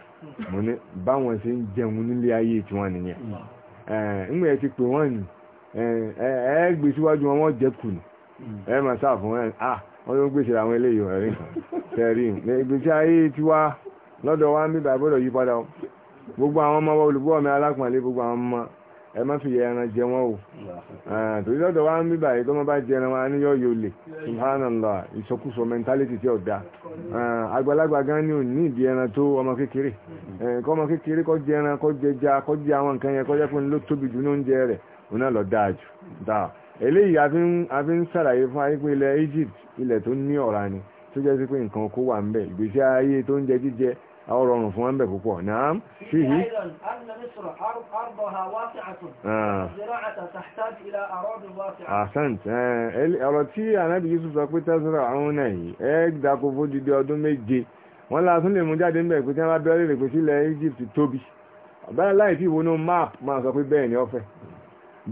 mo ní báwọn ṣe ń jẹun nílé ayé tiwọn nìyẹn hmm. ẹ̀ ń gbé ti pè wọ́n ẹ gbé síwájú wọn wọ́n jẹ́ kùnú hmm. ẹ máa sáà ẹ à wọ́n ló ń gbèsè àwọn eléyìí ẹ̀rí ìgbésí ayé tiwa lọdọ wa ń bíbà gbọ́dọ̀ yí padà o gbogbo àwọn ọmọ wa ome mi alákùnrin gbogbo àwọn ọmọ ẹ má fi ẹran jẹ wọn o torí lọdọ wa ń bí báyìí tó má bá jẹ ẹran wa da agbalagba gan ni ò ní ìdí ẹran tó ọmọ kékeré kọ́ ọmọ kékeré kọ́ jẹ ẹran kọ́ jẹ ja kọ́ jẹ àwọn nǹkan yẹn kọ́ òun náà lọ dáa jù dáa eléyìí a fi ń ṣàlàyé fún ayé pé ilẹ̀ Egypt ilẹ̀ tó ní ọ̀rá ni tó jẹ́ sí pé nǹkan kó wà ń bẹ̀ ìgbésí ayé tó ń jẹ jíjẹ ọrọ̀rùn fún ẹ̀mẹ̀ púpọ̀ náà sí yìí àṣànt ọ̀rọ̀ tí anábì Yusuf sọ pé tẹ́sọ̀rọ̀ àwọn náà yìí ẹ dákó fún dídí ọdún méje wọ́n látún lè mú jáde ń bẹ̀ pé tí wọ́n bá bẹ́ẹ̀rẹ̀ pé sílẹ̀ Egypt tóbi báyìí láì tí ìwọ́nú map máa sọ pé bẹ́ẹ̀ ni ó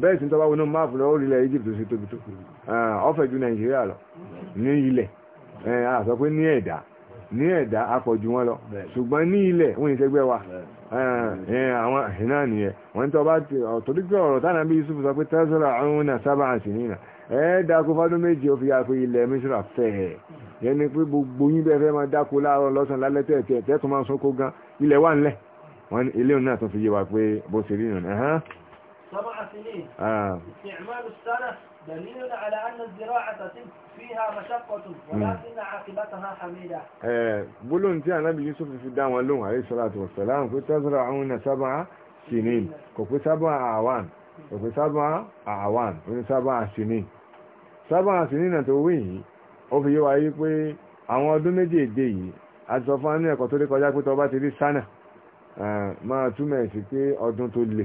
bẹ́ẹ̀ sí tọ́bá wọnú máàpù lọ orílẹ̀ Egypt sí tóbi tó ọ̀fẹ́ ju Nàìjíríà lọ ní ilẹ̀ àsọ pé ní ẹ̀dá ní ẹ̀dá apọ̀jù wọn lọ ṣùgbọ́n ní ilẹ̀ wọ́n yìí sẹ́gbẹ́ wa àwọn ìná nìyẹn wọ́n tọ́ bá torí pé ọ̀rọ̀ tánà bí Yusuf sọ pé tẹ́sọ̀rọ̀ àwọn náà sábà àti nínà ẹ dákú fọ́dún méje ó fi yà pé ilẹ̀ Mísírà fẹ́ ẹ̀ yẹn ni pé gbogbo yín bẹ́ẹ̀ fẹ́ máa dákú láàárọ̀ lọ́sàn lálẹ́ tẹ̀ẹ̀tẹ̀ tẹ́tù máa ń sọ́kó gan ilẹ̀ wà ńlẹ̀ wọ́n ilé òun náà tó fi yé wa pé bó ṣe rí nù سبع سنين استعمال السلف دليل على أن الزراعة فيها مشقة ولكن عاقبتها حميدة بلون تي النبي يوسف في الدعوة لهم عليه الصلاة والسلام كنت تزرعون سبع سنين كنت سبع أعوام كنت سبع أعوام كنت سبع سنين سبع سنين توي وفي fi yíwa yí pé àwọn ọdún méjèèje yìí a sọ fún wa ní ẹ̀kọ́ tó lé kọjá pé tó ti rí sánà máa túmẹ̀ sí pé ọdún tó le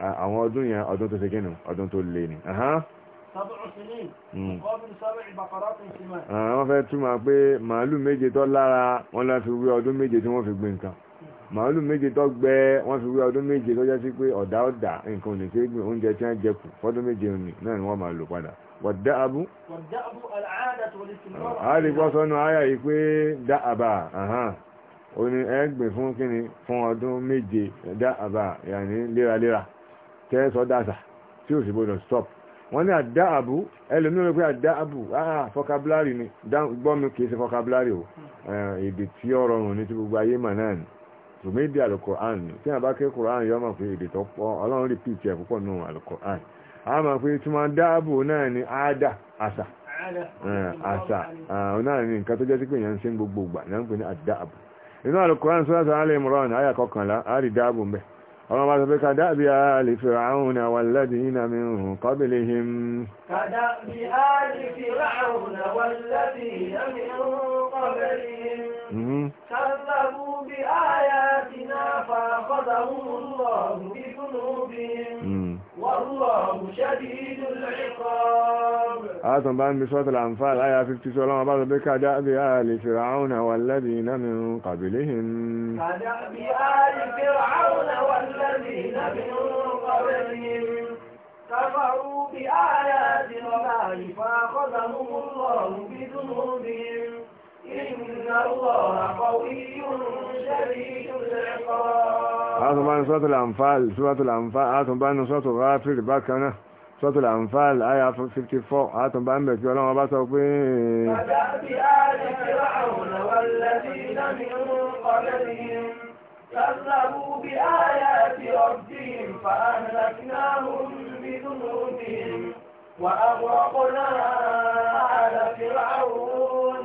àwọn ọdún yẹn ọdún tó ṣe gínú ọdún tó lè ní hmm. ah, wọ́n fẹ́ túmọ̀ pé màálù méje tó lára wọ́n lọ fi wé ọdún méje tí wọ́n fi gbé nǹkan màálù méje tó gbẹ wọ́n fi wé ọdún méje tó jẹ́ sí pé ọ̀dá ọ̀dá nǹkan ò lè ṣe é gbìn oúnjẹ tí wọ́n jẹ kù fọ́dún méje òní náà ni wọ́n máa lò padà wọ̀dá abú àádìpọ̀ sọ́nù àyà yìí pé dá àbà ó ní ẹgbẹ̀ fún kíni fún ọdún méje dá àbà yàní léraléra tẹ́ sọ tí ò sì gbọdọ̀ stop wọ́n ní àdáàbù àbú ẹlòmíràn pé àdáàbù ah vocabulary ni gbọ́ kìí o èdè eh, tí ó rọrùn ní gbogbo ayé mà náà ni tòmídìí alukoran tí a bá ké koran yọ èdè tó pọ̀ ọlọ́run ẹ̀ púpọ̀ nù alukoran a náà ni àádá àṣà gbogbo ìgbà náà ń pè ní inú alukoran sọ́dọ̀ sọ́dọ̀ alẹ́ àyà ọlọ́mọ sọ pé kàdábí ààlì fìràún àwàlẹ́dì iná mi hùn kọ́bìlì him kàdábí ààlì fìràún àwàlẹ́dì iná mi hùn kọ́bìlì him kàdábú bí áyà ti náà fà kọ́dà hùn lọ́rùn bí fún آتم بان بصوت الأنفال آية 57 لما بعض بك دأب آل فرعون والذين من قبلهم كدأب آل فرعون والذين من قبلهم كفروا بآيات الله فأخذهم الله بذنوبهم Àwọn ọmọ sọ́tọ̀ l'Anfààl, sọ́tọ̀ l'Anfààl, àtùnbá ní sọ́tọ̀ Ráfíìrì bákan náà, sọ́tọ̀ l'Anfààl, àyà 54, àtùnbá ń bẹ̀ tí ọlọ́wọ́ bá sọ pé وأغرقنا على فرعون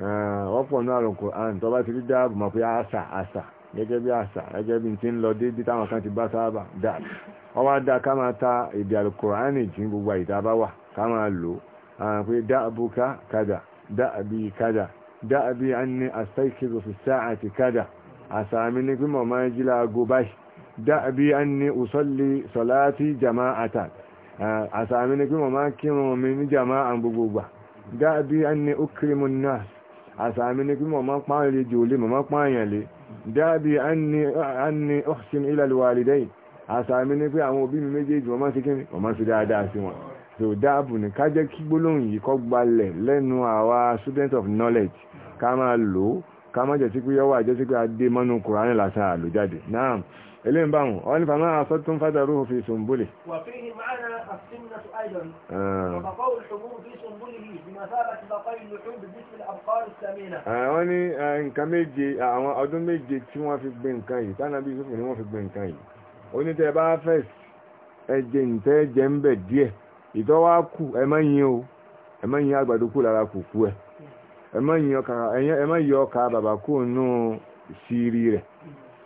Ah, wọ́pọ̀ náà lọ́kọ̀ àn tọ́ bá ti rí dáàbò mọ̀ pé àṣà àṣà gẹ́gẹ́ bí àṣà gẹ́gẹ́ bí ti ń lọ débi táwọn kan ti bá sáábà dáa wọ́n wá dáa ká máa ta èdè àlùkùránì jí gbogbo àyíká bá wà ká máa lò àwọn pé dáàbò ká kádà dáàbí kádà dáàbí a ní àṣàkìrò fi sáà àti kádà àṣà mi ní pé mọ̀ máa jí láago báyìí dáàbí a ní usalli salati jama'atan àṣà mi ní pé mọ̀ máa kírun mi ní jama'an gbogbo gbà dáàbí a ní ukrimu nas àṣà mi ni pé mọ̀ máa pààyàn lè jò lè mọ̀ máa pààyàn lè dábì anni uhsin ila alwalidayn àṣà mi ni pé àwọn òbí mi méjèèjì wọ́n máa ṣe kí wọ́n máa ṣe dáadáa sí wọn so dáàbù ní ká jẹ́ kí gbólóhùn yìí kó gbalẹ̀ lẹ́nu àwa student of knowledge ká máa lò ó ká má jẹ́ sí pé yọ́wọ́ àjẹ́sí pé adé mọ́nú kùránì lásán àlò náà eléyìn bá wọn wọn ni fàmà àsọ́tún fádàrú fi sùnbùlì wọ́n ní ah. ah, ah, nǹkan méje àwọn ọdún méje tí wọ́n fi gbé nǹkan yìí tánà bí Yúsúfù ni wọ́n fi gbé nǹkan yìí onítẹ̀ bá fẹ́ ẹjẹ̀ ǹtẹ́ jẹ́ ń bẹ̀ díẹ̀ ìtọ́wá kù ẹ má yín o ẹ má yín àgbàdo kù lára kùkú ẹ ẹ má yín ọkà bàbá kù nù sírí rẹ̀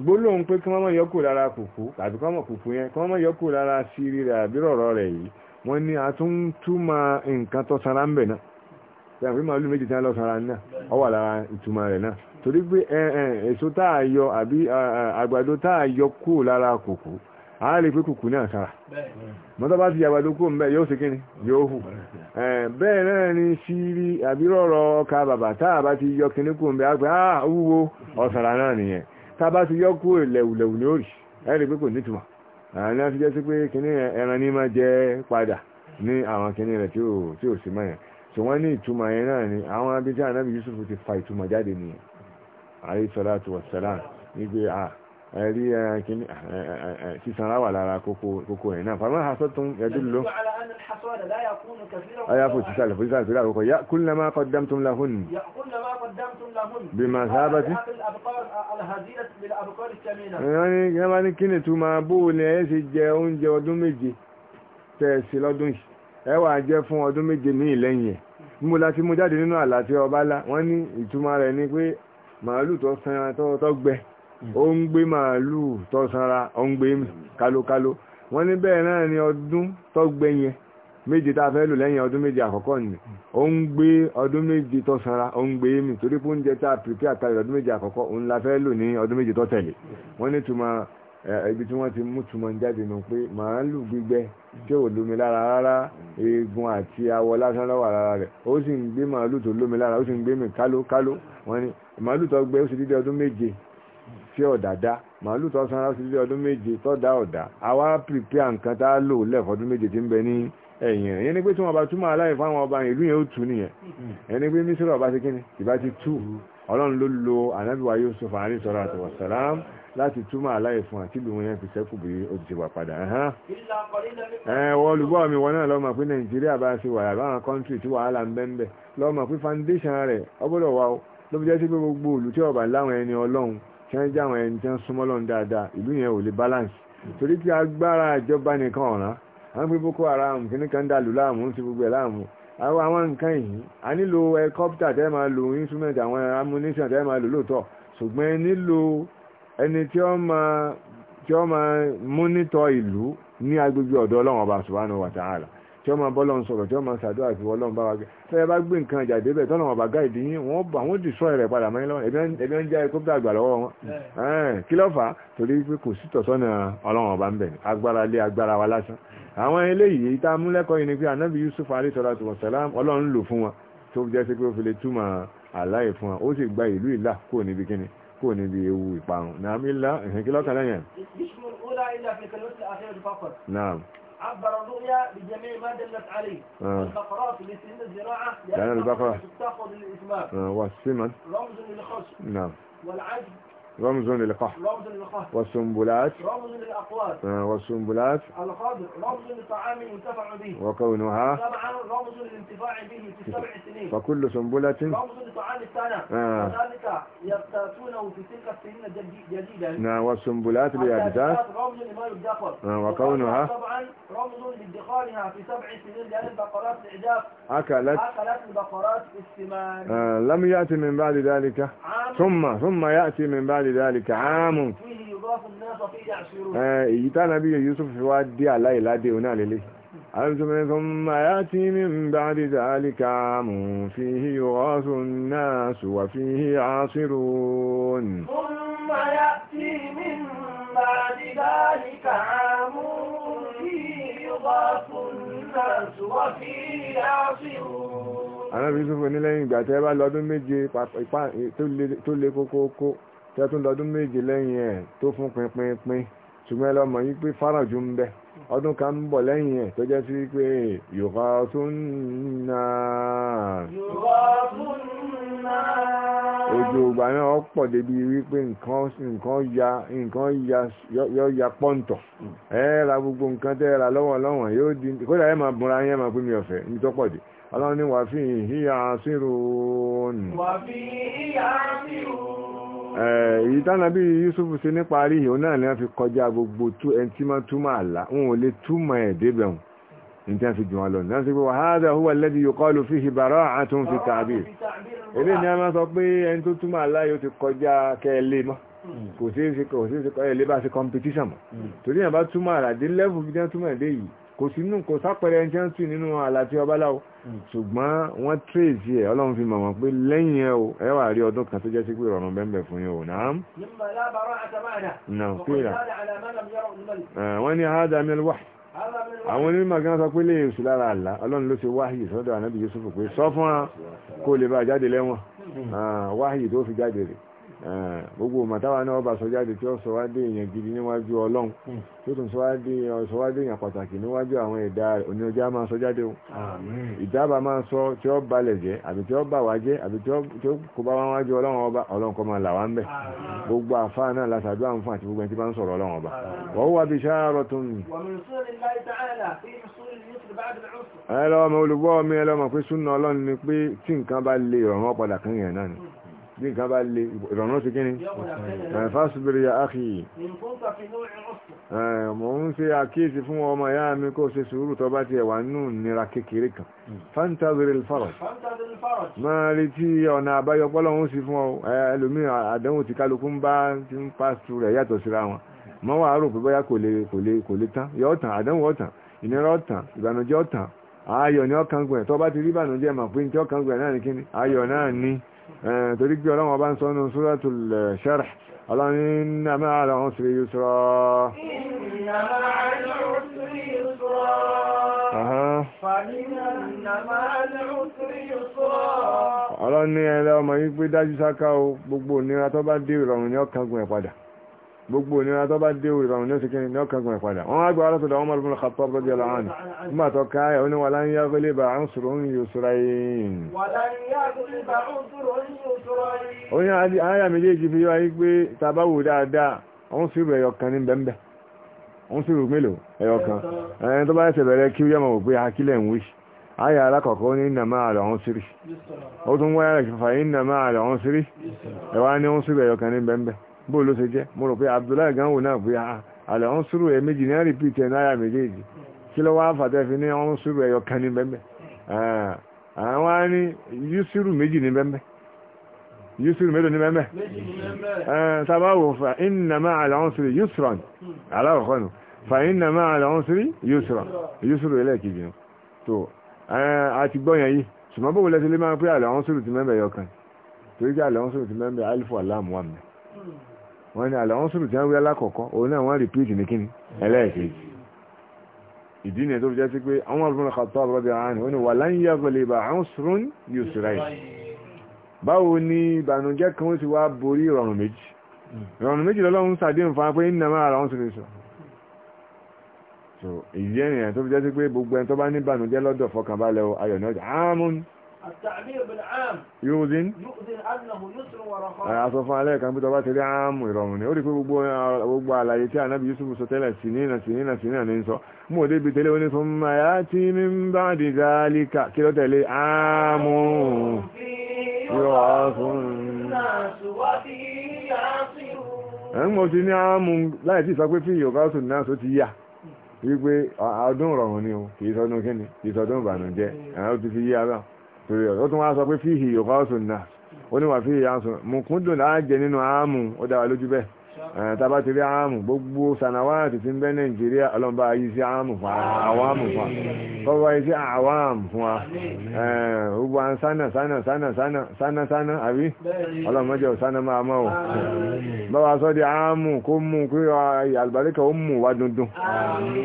gbólóhùn pé kí wọ́n mọ̀ yọkù lára fùfú tàbí siri fùfú yẹn kí wọ́n yọkù lára rẹ̀ àbí rọ̀rọ̀ rẹ̀ yìí wọ́n ní àtúntúmọ̀ nǹkan tó ń torí pé èso tá a yọ àbí àgbàdo tá a yọ kù lára kòkó a lè pé kòkó náà sára mọ́tò bá ti yà àgbàdo kù mbẹ́ yóò yóò hù bẹ́ẹ̀ náà ni àbí rọ̀rọ̀ a bá ti yọ kíní kù mbẹ́ tábà ti yọ kú lẹ̀wùlẹ̀wù ní òrì ẹ̀rì pé kò nítumọ̀ àwọn náà fi jẹ́ sí pé kíní ẹran ní máa jẹ padà ní àwọn kíní rẹ̀ tí ò sí mọ́ yẹn tí wọ́n ní ìtumọ̀ yẹn náà ni àwọn abijá anábì Yusuf ti fa ìtumọ̀ jáde nìyẹn alayhi salatu wassalam nígbè à ẹ̀rí kíní sísanra wà lára kókó yẹn náà fàmí àhásọ́ tún ẹ̀dú ló ayáfò sísàlẹ̀ fún sísàlẹ̀ tó dà kókó ìrànní ìyẹn bá ní kí ni tó máa ni ẹ ṣe jẹ oúnjẹ ọdún méje tẹ̀sí lọ́dún yìí ẹ wàá jẹ́ fún ọdún méje ní ìlẹ́yìn ẹ̀ mo la ti mú jáde nínú àlá tí wọ́n ní ìtumọ̀ rẹ̀ ni pé màálù tó sanra tó gbẹ ó ń gbé màálù tó sanra ó ń gbé kálókáló wọ́n ní bẹ́ẹ̀ náà ni ọdún tó gbẹ yẹn méje tá a fẹ́ lò lẹ́yìn ọdún méje àkọ́kọ́ ni ó ń gbé ọdún méje tó sanra ó ń gbé mi torí pé oúnjẹ tá a pèpè àtàrí ọdún méje àkọ́kọ́ òun la fẹ́ lò ní ọdún méje tó tẹ̀lé wọ́n ní tuma ibi tí wọ́n ti mú tuma jáde nù pé màálù gbígbẹ tí ò lómi lára rárá eegun àti awọ lásán lọ́wọ́ lára rẹ̀ ó sì ń gbé màálù tó lómi lára ó sì ń gbé mi káló káló wọ́n ní màálù tó gbẹ ó sì dídé ọdún méje tí ọ̀dà dá màálù tó sanra ó sì dídé ọdún méje tó dá ọ̀dà àwa pèpè à ẹ̀yìn ẹ̀yìn ni pé tí wọ́n bá túmọ̀ aláì fáwọn ọba ìlú yẹn ó tù nìyẹn ẹni pé mísírà ọba ti kíni ìbá ti tú ọlọ́run ló lo ànábìwá Yusuf àárín sọ́rọ̀ àtọ̀wọ̀ sàlám láti túmọ̀ aláì fún àti ìlú wọn yẹn fi sẹ́kù bí ó ti wà padà. ẹ̀wọ̀n olùgbọ́ mi wọn náà lọ́mọ pé Nàìjíríà bá ṣe wà láwọn kọ́ńtì tí wàhálà ń bẹ́ ń bẹ́ lọ́mọ pé foundation rẹ̀ ọgbọ́dọ̀ wà ó ló fi jẹ́ sí pé gbogbo òlù tí ọba láwọn ẹni ọlọ́run tí balance torí kí agbára ìjọba nìkan wọ́n pé boko haram kìíní kan dàlú láàmú ń ṣe gbogbo ẹ̀ láàmú àwọn àwọn nǹkan yìí a nílò ẹkọ́pítà tẹ́ máa lo instrument àwọn ammunition tẹ́ máa lò lóòótọ́ ṣùgbọ́n ẹ nílò ẹni tí ó máa tí ó máa mọ́nítọ̀ ìlú ní agbègbè ọ̀dọ̀ ọlọ́run ọba subhanahu wa ta'ala tí ó máa bọ́lọ̀ ń sọ̀rọ̀ tí ó máa ṣàdúrà sí ọlọ́run bá wa gbé fẹ́ẹ́ bá gbé nǹkan ìjà débẹ̀ tọ́lọ́run ọba gáìdì yín wọ́n bá wọ́n destroy rẹ̀ padà mọ́yìn lọ́wọ́ ẹ̀bí ń já ẹkọ́pítà àgbà lọ́wọ́ wọn kí ló fà á torí pé kò sí tọ̀sọ́nà ọlọ́run ọba ń bẹ̀ agbára lé agbára wa lásán àwọn eléyìí èyí tá a mú lẹ́kọ̀ọ́ yìí ni pé anábì Yusuf alayhisalatu wasalam ọlọ́run lò fún wọn tó jẹ́ sí pé ó fi lè túmọ̀ àláì fún wọn ó sì gba ìlú ìlà kúrò níbi kíni kúrò níbi ewu ìparun nàámi ńlá ìhìn kí lọ́kàn lẹ́yìn. naam. عبر الرؤيا بجميع ما دلت عليه البقرات لسن الزراعة لأن البقرة تأخذ للإثمار والسمن رمز للخشب نعم والعجب رمز للقهر رمز للقهر والسنبلات رمز للأقوات آه، والسنبلات القدر رمز لطعام ينتفع به وكونها طبعا رمز للانتفاع به في سبع سنين فكل سنبلة رمز لطعام السنة آه. وذلك يبتاتونه في تلك السنين جديدا نعم والسنبلات بيابتات رمز لما يدخل آه. وكونها طبعا رمز لادخارها في سبع سنين لأن البقرات الإعجاب أكلت أكلت البقرات الثمار آه. لم يأتي من بعد ذلك ثم ثم يأتي من بعد dhalika ààmù èyí tánàbí Yusuf fi wá dé aláìláde onáàlélé alùsùnmí tó máa yá tí mi ń bá dé dhalika ààmù fihi yughathu an-nasu wa fihi 'asirun Arábí Yusuf ní lẹ́yìn ìgbà tẹ́ bá lọ́dún méje tó le kókó kó tẹ́tún lọ́dún méje lẹ́yìn ẹ̀ tó fún pinpinpin ṣùgbọ́n ẹ lọ́mọ yí pé fárànjú ń bẹ ọdún kan ń bọ̀ lẹ́yìn ẹ̀ tó jẹ́ sí pé yorùbá tún náà ojú ògbà náà ó pọ̀ débi wípé nǹkan ya nǹkan yọ ya pọ́ǹtọ̀ ẹ ra gbogbo nǹkan tẹ́ ra lọ́wọ́ lọ́wọ́ yóò di kódà ẹ máa bùnra yẹn máa pín mi ọ̀fẹ́ ní tọ́pọ̀ dé ọlọ́run ní wàá fi híyà sírò ní. wàá fi híyà sírò ní. Eh, èyí tánàbí Yusuf ṣe nípa àríhì òun náà ni wọ́n fi kọjá gbogbo ẹni tí máa túmọ̀ àlá wọn ò lè túmọ̀ ẹ̀ débẹ̀ wọn ní tí wọ́n fi jù wọn lọ ní wọ́n sì pé wàhálà huwa alladhi yuqalu fihi bara'atun fi ta'bir èdè ni a máa sọ pé ẹni tó túmọ̀ àlá yóò ti kọjá kẹ́ẹ̀lé mọ́ kò sí kò sí kọ́ lé bá ṣe competition mọ́ hmm. torí yẹn bá túmọ̀ àlá dé level bí wọ́n túmọ̀ dé yìí kò sínú kò sápẹrẹ ẹni tí wọ́n tù nínú àlàtí ọbaláwo hmm. ṣùgbọ́n wọ́n tírèsì ẹ̀ ọlọ́run fi mọ̀mọ́ pé lẹ́yìn ẹ̀ o ẹ wà rí ọdún kan tó jẹ́ sí pé ìrọ̀rùn bẹ́ẹ̀ fún yín o náà. wọ́n ní ahada mi wà àwọn onímọ̀ kan sọ pé léyìn oṣù lára àlá ọlọ́run ló ṣe wáhì sọ́dọ̀ ànábì Yusuf pé sọ fún wa kó lè bá jáde lẹ́wọ̀n hmm. ah, wáhì tó fi jáde rèé Eh, gbogbo màtáwà náà ọba sọ jáde tí ó sọ wá dé èèyàn gidi níwájú ọlọ́run tó tún sọ wá dé èèyàn pàtàkì níwájú àwọn ẹ̀dá rẹ̀ òní ọjà máa sọ o ìdábà máa sọ tí ó balẹ̀ jẹ́ àbí tí ó bà wá jẹ́ àbí tí ó kó bá wá wájú ọlọ́run ọba ọlọ́run kọ́ máa là wá ń bẹ̀ gbogbo àfa náà lásàdúrà ń fún àti gbogbo ẹni tí bá ń sọ̀rọ̀ ọlọ́run ọba wọ́n wá bí sáárọ̀ tó ní nǹkan bá lè ìrọ̀nà ti kíni fásibiri ya ákì mọ̀ ń ṣe àkíyèsí fún ọmọ ìyá mi kó ṣe sùúrù tó bá ti ẹ̀wà nù nira kékeré kan fantaziril faraj máa retí ọ̀nà àbáyọ pọ́lọ̀ ń sì fún ẹlòmíì àdánwò tí kálukú ń bá ti ń pàṣẹ rẹ̀ yàtọ̀ síra wọn mọ́ wàá rò pé bóyá kò lè kò lè tán yọ ọ̀tàn àdánwò ọ̀tàn ìnira ọ̀tàn ìbànújẹ́ ọ̀tàn ayọ̀ ni ọ̀kan gbọ̀n bá ti rí ìbànújẹ́ mà pé ní ọ̀kan náà ní kíni ayọ̀ náà ní Eh, torí pé ọlọ́run ọba ń sọ nínú suratul Sharh ọlọ́run inna ma'al usri yusra. inna ma'al usri yusra. fa inna ma'al usri yusra. ọlọ́run ní ẹlẹ́ ọmọ yìí pé dájú sáká o gbogbo ìnira tó bá dé ìrọ̀rùn ní ọ̀kangun ẹ̀ padà gbogbo onira tó bá dé ìrọ̀rùn ní ọ̀sẹ̀kẹ́ ní ọkàgbọ̀n ìpadà wọ́n wá gba alásọ̀dọ̀ Umar ibn Khattab radiyallahu anhu nígbà tó káyà ó ní wà láń yá gbélé bá ń sọ̀rọ̀ ń yóò sọ̀rọ̀ yìí ó ní àyà méjèèjì fi wáyé pé tàbá wò dáadáa òun sì rò ẹyọkan ní bẹ́ẹ̀ òun sì rò mélòó ẹyọkan ẹni tó bá ṣe bẹ̀rẹ̀ kí yọmọ wò pé akílẹ̀ ń alákọ̀ọ́kọ́ ní ìnàmà àlọ́ ọ̀hún sírí ó tún wáyà rẹ̀ fàyè ìnàmà àlọ́ ọ̀hún sírí ẹ̀wá ní òun sì rò ní bẹ́ẹ̀ bó ló ṣe jẹ́ mo rò pé abdullahi gan wò náà pé ah, àlẹ́ ọ̀n sùúrù ẹ̀ méjì ní rìpíìtì ẹ̀ náírà méjèèjì kí ló wá fàtẹ́ fi ní ọ̀n sùúrù ẹ̀yọ kan ní bẹ́ẹ̀ ah, àwọn á ní yusuru méjì ní bẹ́ẹ̀ yusuru mélòó ní bẹ́ẹ̀ sábà ah, wò fà inna ma'a al-usri yusran hmm. aláwọ̀kọ́ nù fà inna ma'a al-usri yusran yusuru ẹlẹ́ẹ̀kejì nù tó àti gbọ́yàn yìí ṣùgbọ́n bó wọlé ti lé máa pé àlẹ́ ọ̀n sùúrù ti mẹ́mẹ́ ẹ̀yọ kan torí pé àlẹ́ ọ̀n sùúrù ti mẹ́mẹ́ alifu aláàmù wọ́n ní àlàwọn sùrù tí wọ́n wí alákọ̀ọ́kọ́ òun náà wọ́n rìpíìtì ní kíni ẹlẹ́ẹ̀kejì ìdí nìyẹn tó fi jẹ́ sí pé àwọn ọ̀rọ̀ fún ọ̀tọ́ ọ̀rọ̀ bí i àárín òun ni wà láyé yàgọ̀lẹ̀ ìbà àwọn sùrù ní òṣèré báwo ni ìbànújẹ́ kan ti wá borí ìrọ̀rùn méjì ìrọ̀rùn méjì lọ́lọ́run sàdé nǹkan pé nínú àwọn àwọn sùrù sọ ìdí ẹ̀yìn tó fi jẹ́ pé gbogbo ẹni tó bá ní ìbànújẹ́ lọ́dọ̀ fọkànbalẹ̀ ayọ̀ ní ọjà التعبير بالعام يؤذن يؤذن أنه يسر ورخاء أصف عليك أنت بات لي عام ويرمني أولي كو بو على يتي نبي يوسف ستلا سنين سنين سنين ننسى مو دي بتلوني ثم ياتي من بعد ذلك كيلو تلي عام يعاف الناس وفيه يعصرون أنا ti ní àmú láì tí sọ pé fi yorùbá sùn náà só ti yá wípé ọdún rọrùn ni o kì í sọdún kíni kì í sọdún ìbànújẹ́ àwọn ti fi yí ara torí ọ̀rọ̀ tó wá sọ pé fíhì yóò kọ́ sùn náà ó ní wà fíhì yá sùn mùkúndùn láàjẹ nínú àámù ó dára lójú bẹ́ẹ̀ Eh, tàbá ti rí àmù gbogbo sànàwáàtì tí ń bẹ nàìjíríà ọlọ́mbà ayé sí àmù fún àwàmù fún kọ́wọ́ ayé sí àwàmù fún wa eh, gbogbo à ń sánà sánà sánà sánà sánà sánà àbí ọlọ́mọdé ọ̀sánà máa mọ́ ò báwa sọ di àmù kó mú kí àlùbáríkà ó mú wa dundun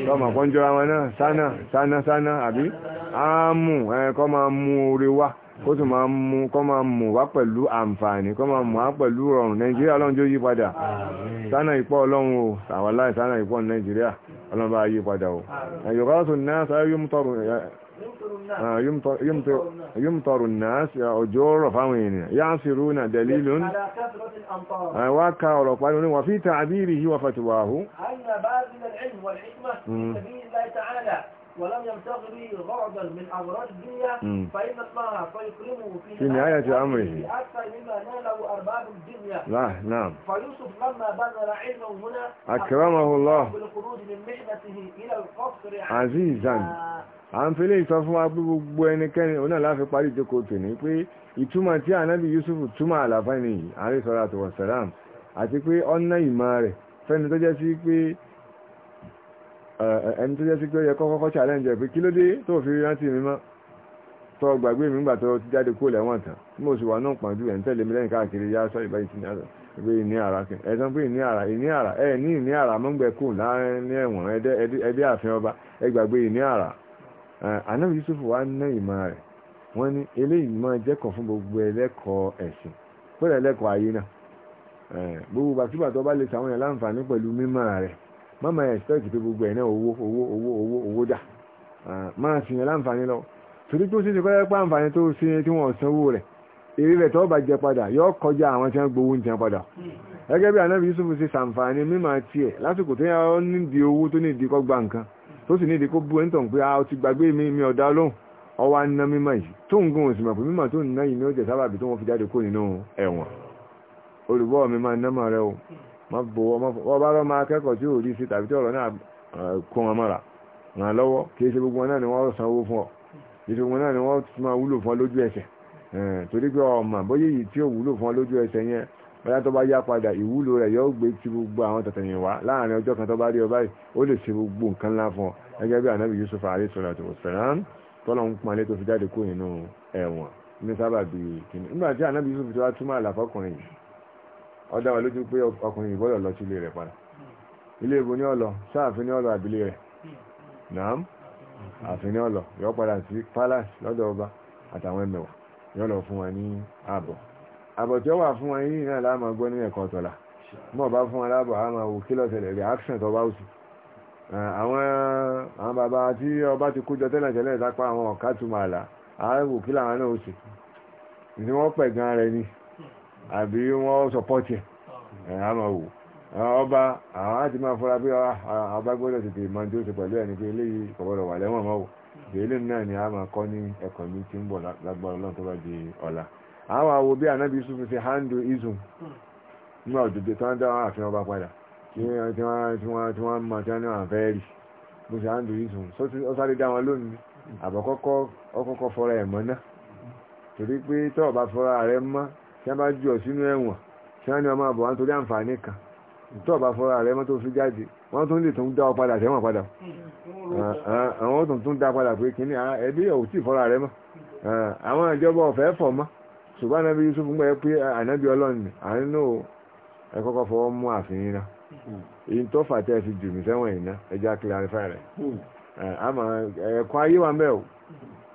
tọ́mà kọ́njọ́ra wọn náà sánà sánà sánà àbí àmù eh, kọ́ máa mú orí wa kó sì máa mú kọ́ máa mú wá pẹ̀lú àǹfààní kọ́ máa mú wá pẹ̀lú rọrùn nàìjíríà ọlọ́run jó yí padà sánà ìpọ́ ọlọ́run o àwàláì sánà ìpọ́ nàìjíríà ọlọ́run bá yí padà o yorùbá tó ní náà sáré ولم يمتغري غرضا من أمراض الدنيا فإن الله فيكرمه في, في نهاية أمره أكثر مما ناله أرباب الدنيا نعم نعم فيوسف لما بذل علمه هنا أكرمه الله بالخروج من محنته إلى القصر عزيزا à ń fi lè sọ fún wa pé gbogbo ẹnikẹ́ni òun náà láfi parí ìjókòó tòní pé ìtumọ̀ tí ànábì Yusuf túmọ̀ àlàfáà nìyí àrísọ́ra àtọwọ̀sẹ̀rán àti pé ọ̀nà ìmọ̀ rẹ̀ fẹ́ni tó sí pé ẹni tó jẹ́ sí pé yẹ kọ́kọ́kọ́ challenge ẹ̀ pé kí ló dé tó fi rántí mi mọ́ tó gbàgbé mi nígbà tó ti jáde kúrò lẹ́wọ̀n tán mo sì wà náà pàǹdù ẹ̀ ń tẹ̀lé mi lẹ́yìn káàkiri yá sọ ìbá ìtìní àrà pé ìní àrà kẹ ẹ sọ pé ìní àrà ìní àrà ẹ ní ìní àrà mọ́gbẹ́ kù láàrin ní ẹ̀wọ̀n ẹdẹ ààfin ọba ẹ gbàgbé ìní àrà anábì Yusuf wa ná ìmọ̀ rẹ̀ wọ́n ní eléyìí máa jẹ́kọ̀ọ́ fún gbogbo ẹlẹ́kọ̀ọ́ ẹ̀sìn pẹ̀lú ẹlẹ́kọ̀ọ́ ayé náà gbogbo bàtúbàtọ́ bá lè sàwọn yẹn láǹfààní pẹ̀lú mímọ̀ rẹ̀ má máa expect pé gbogbo ẹ̀ náà owó owó owó owó owó dà máa sì yàn láǹfààní torí pé ó ṣe ṣe kọ́ tó ṣe tí wọ́n sanwó rẹ̀ èrè rẹ̀ tó bá padà yóò kọjá àwọn tí wọ́n gbowó ń padà hmm. gẹ́gẹ́ bí anábì Yusuf ṣe ṣàǹfààní mímọ̀ tiẹ̀ lásìkò tó yà ó nídìí owó tó nídìí kọ́ gba nǹkan tó sì nídìí kó bú ẹni pé a ti gbàgbé mi mi ọ̀dá lóhùn ọwọ́ aná mímọ̀ yìí tó ń gun òsì màpò mímọ̀ tó ń ná yìí ni ó jẹ sábàbí tó wọ́n fi jáde kó nínú ẹ̀wọ̀n olùbọ́ mi máa ná mọ̀ rẹ o hmm má bọ̀wọ́ wọ́n bá lọ́ máa kẹ́kọ̀ọ́ tí ò rí sí tàbí tí ọ̀rọ̀ náà kún wọn mọ́ra ràn lọ́wọ́ kì ṣe gbogbo náà ni wọ́n sanwó fún ọ kì gbogbo náà ni wọ́n máa wúlò fún ọ lójú ẹsẹ̀ torí pé ọmọ bóyá èyí tí ò wúlò fún ọ lójú ẹsẹ̀ yẹn bóyá tó bá yá padà ìwúlò rẹ̀ yóò gbé ti gbogbo àwọn tẹ̀tẹ̀yìn wá láàrin ọjọ́ kan tó bá rí ọ báyìí ó lè ṣe gbogbo nǹkan ńlá fún ọ gẹ́gẹ́ bí ànábì ọ̀dá wa lójú pé ọkùnrin ìgbọ́dọ̀ lọ sí ilé rẹ̀ padà ilé ìbò ní ọlọ sáàfin ní ọlọ àbílé rẹ̀ nàám àfin ní ọlọ yọ padà sí palace lọ́dọ̀ ọba àtàwọn ẹmẹ̀wà yọ lọ fún wa ní ààbọ̀ ààbọ̀ tí ó wà fún wa yìí náà láà máa gbọ́ ní ẹ̀kọ́ tọ̀la mọ̀ bá fún wa láàbọ̀ a wò kílọ̀ tẹ̀lẹ̀ rẹ̀ action tó ó sì àwọn àwọn bàbá tí ọba ti kójọ tẹ́lẹ̀ tẹ́lẹ̀ sápá àwọn ọ̀ká tùmọ̀ àlà àá wò kílọ̀ àwọn náà ó sì ìdí wọ́n pẹ̀ gan rẹ̀ ni àbí wọ́n sọpọ́tì ẹ̀ àmọ́ wò ọba àwọn àti máa fọ́ra pé ah, ah, ọba gbọ́dọ̀ tètè mọ tí ó ṣe pẹ̀lú ẹni pé eléyìí kò gbọ́dọ̀ wà lẹ́wọ̀n mọ́ wò ìdílé náà ni a máa kọ́ ní ẹ̀kọ́ mi tí ń bọ̀ lágbára ọlọ́run tó bá di ọ̀la àwọn àwo bí anábì Yusuf ṣe handle ism nígbà òdòdó tí wọ́n dá wọn àfihàn ọba padà tí wọ́n máa tí wọ́n ní wọn fẹ́ rí bó ṣe handle ism ó sáré dá wọn lónìí àbọ̀kọ́kọ́ ọkọ́kọ́ fọ́ra ẹ̀ mọ́ náà torí pé tọ́ọ̀ bá fọ́ra rẹ̀ mọ́ tí wọ́n bá jù ọ sínú ẹ̀wọ̀n tí wọ́n ní ọmọ àbọ̀ wọn torí àǹfààní kan tó bá fọ́ra rẹ̀ mọ́tò fi jáde wọ́n tún lè tún dá ọ padà tẹ́wọ̀n padà àwọn tún tún dá padà pé kínní ah, ẹbí ò tí fọ́ra rẹ̀ mọ́ àwọn ìjọba ọ̀fẹ́ fọ̀ mọ́ ṣùgbọ́n anábì Yusuf ń gbẹ́ pé ah, ànábì ọlọ́run ni àánú ẹ kọ́kọ́ fọwọ́ mú àfihàn náà èyí tó fà tẹ́ ẹ fi jù mí sẹ́wọ̀n yìí náà ẹja clarify rẹ̀ àmọ́ ẹ̀kọ́ ayé wa ń o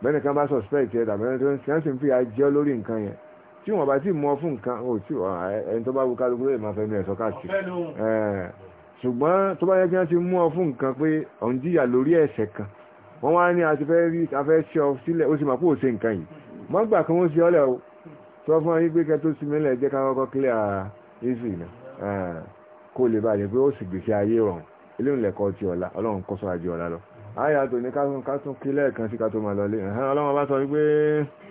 bẹ́ẹ̀ nìkan bá suspect ẹ̀ dàbẹ́ tí wọ́n sì ń fi àjẹ́ lórí nǹkan yẹn tí wọ́n bá ti mú ọ fún nǹkan ò tí ẹni tó bá wù kálukú lè máa fẹ́mi ẹ̀sọ́ káàkiri ṣùgbọ́n tó bá yẹ kí wọ́n ti mú ọ fún nǹkan pé òun jìyà lórí ẹ̀ṣẹ̀ kan wọ́n wá ní àti fẹ́ rí afẹ́ ṣe ọ sílẹ̀ ó sì máa kó o ṣe nǹkan yìí wọ́n gbà kí wọ́n ṣe ọlẹ̀ o sọ fún yín pé kẹ́ tó sinmi lẹ̀ jẹ́ ká kọ́kọ́ kílẹ̀ ẹ̀sì náà kó lè bàjẹ́ pé ó sì gbèsè ayé rọrùn eléyìí lẹ̀kọ́ ti ọ̀la ọlọ́run kọ́sọ́ àjẹ́ ọ̀la lọ àyà tò ní ká tún kí lẹ́ẹ̀kan sí ká tó máa lọlé ẹ̀hán ọlọ́wọ́ bá sọ wípé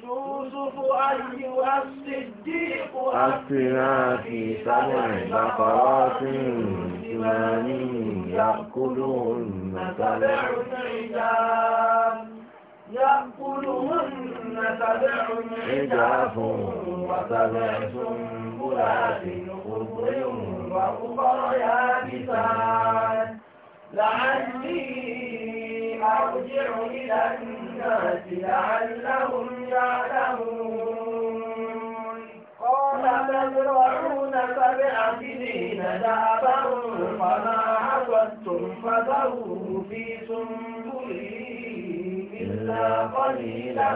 Yúsúfù أرجع إلى الناس لعلهم يعلمون قال تزرعون سبع سنين دابا وما عبدتم فذروا في سنبله إلا قليلا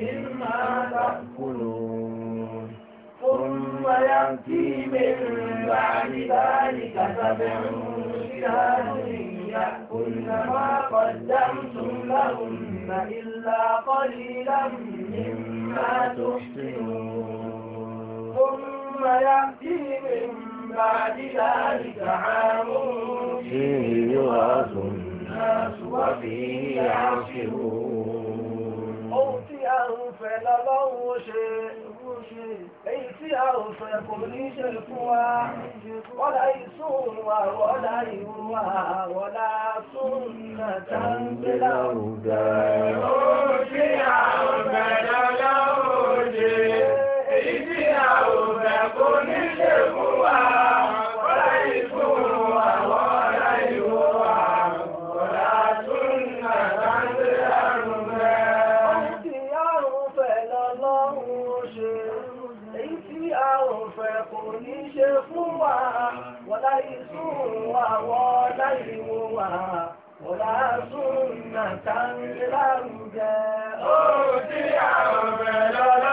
مما تأكلون ثم يأتي من بعد ذلك سبع شهاد يأكلن ما قدمتم لهن إلا قليلا مما تحسنون ثم يأتي من بعد ذلك عام فيه يغاث الناس وفيه يعصرون ò fẹ́ lọ́lọ́run ó ṣe èyí tí a ò fẹ́ kò ní ṣe fún wa wọ́lá ìsún wa wọ́lá ìwà wọ́lá tún nàta ń gbé láwùdá ó tí a ò fẹ́ lọ́lọ́run ṣe èyí tí a ò fẹ́ kò ní ṣe fún ولا يسوع ولا يوعى ولا سنة الأنبياء أوتي أمر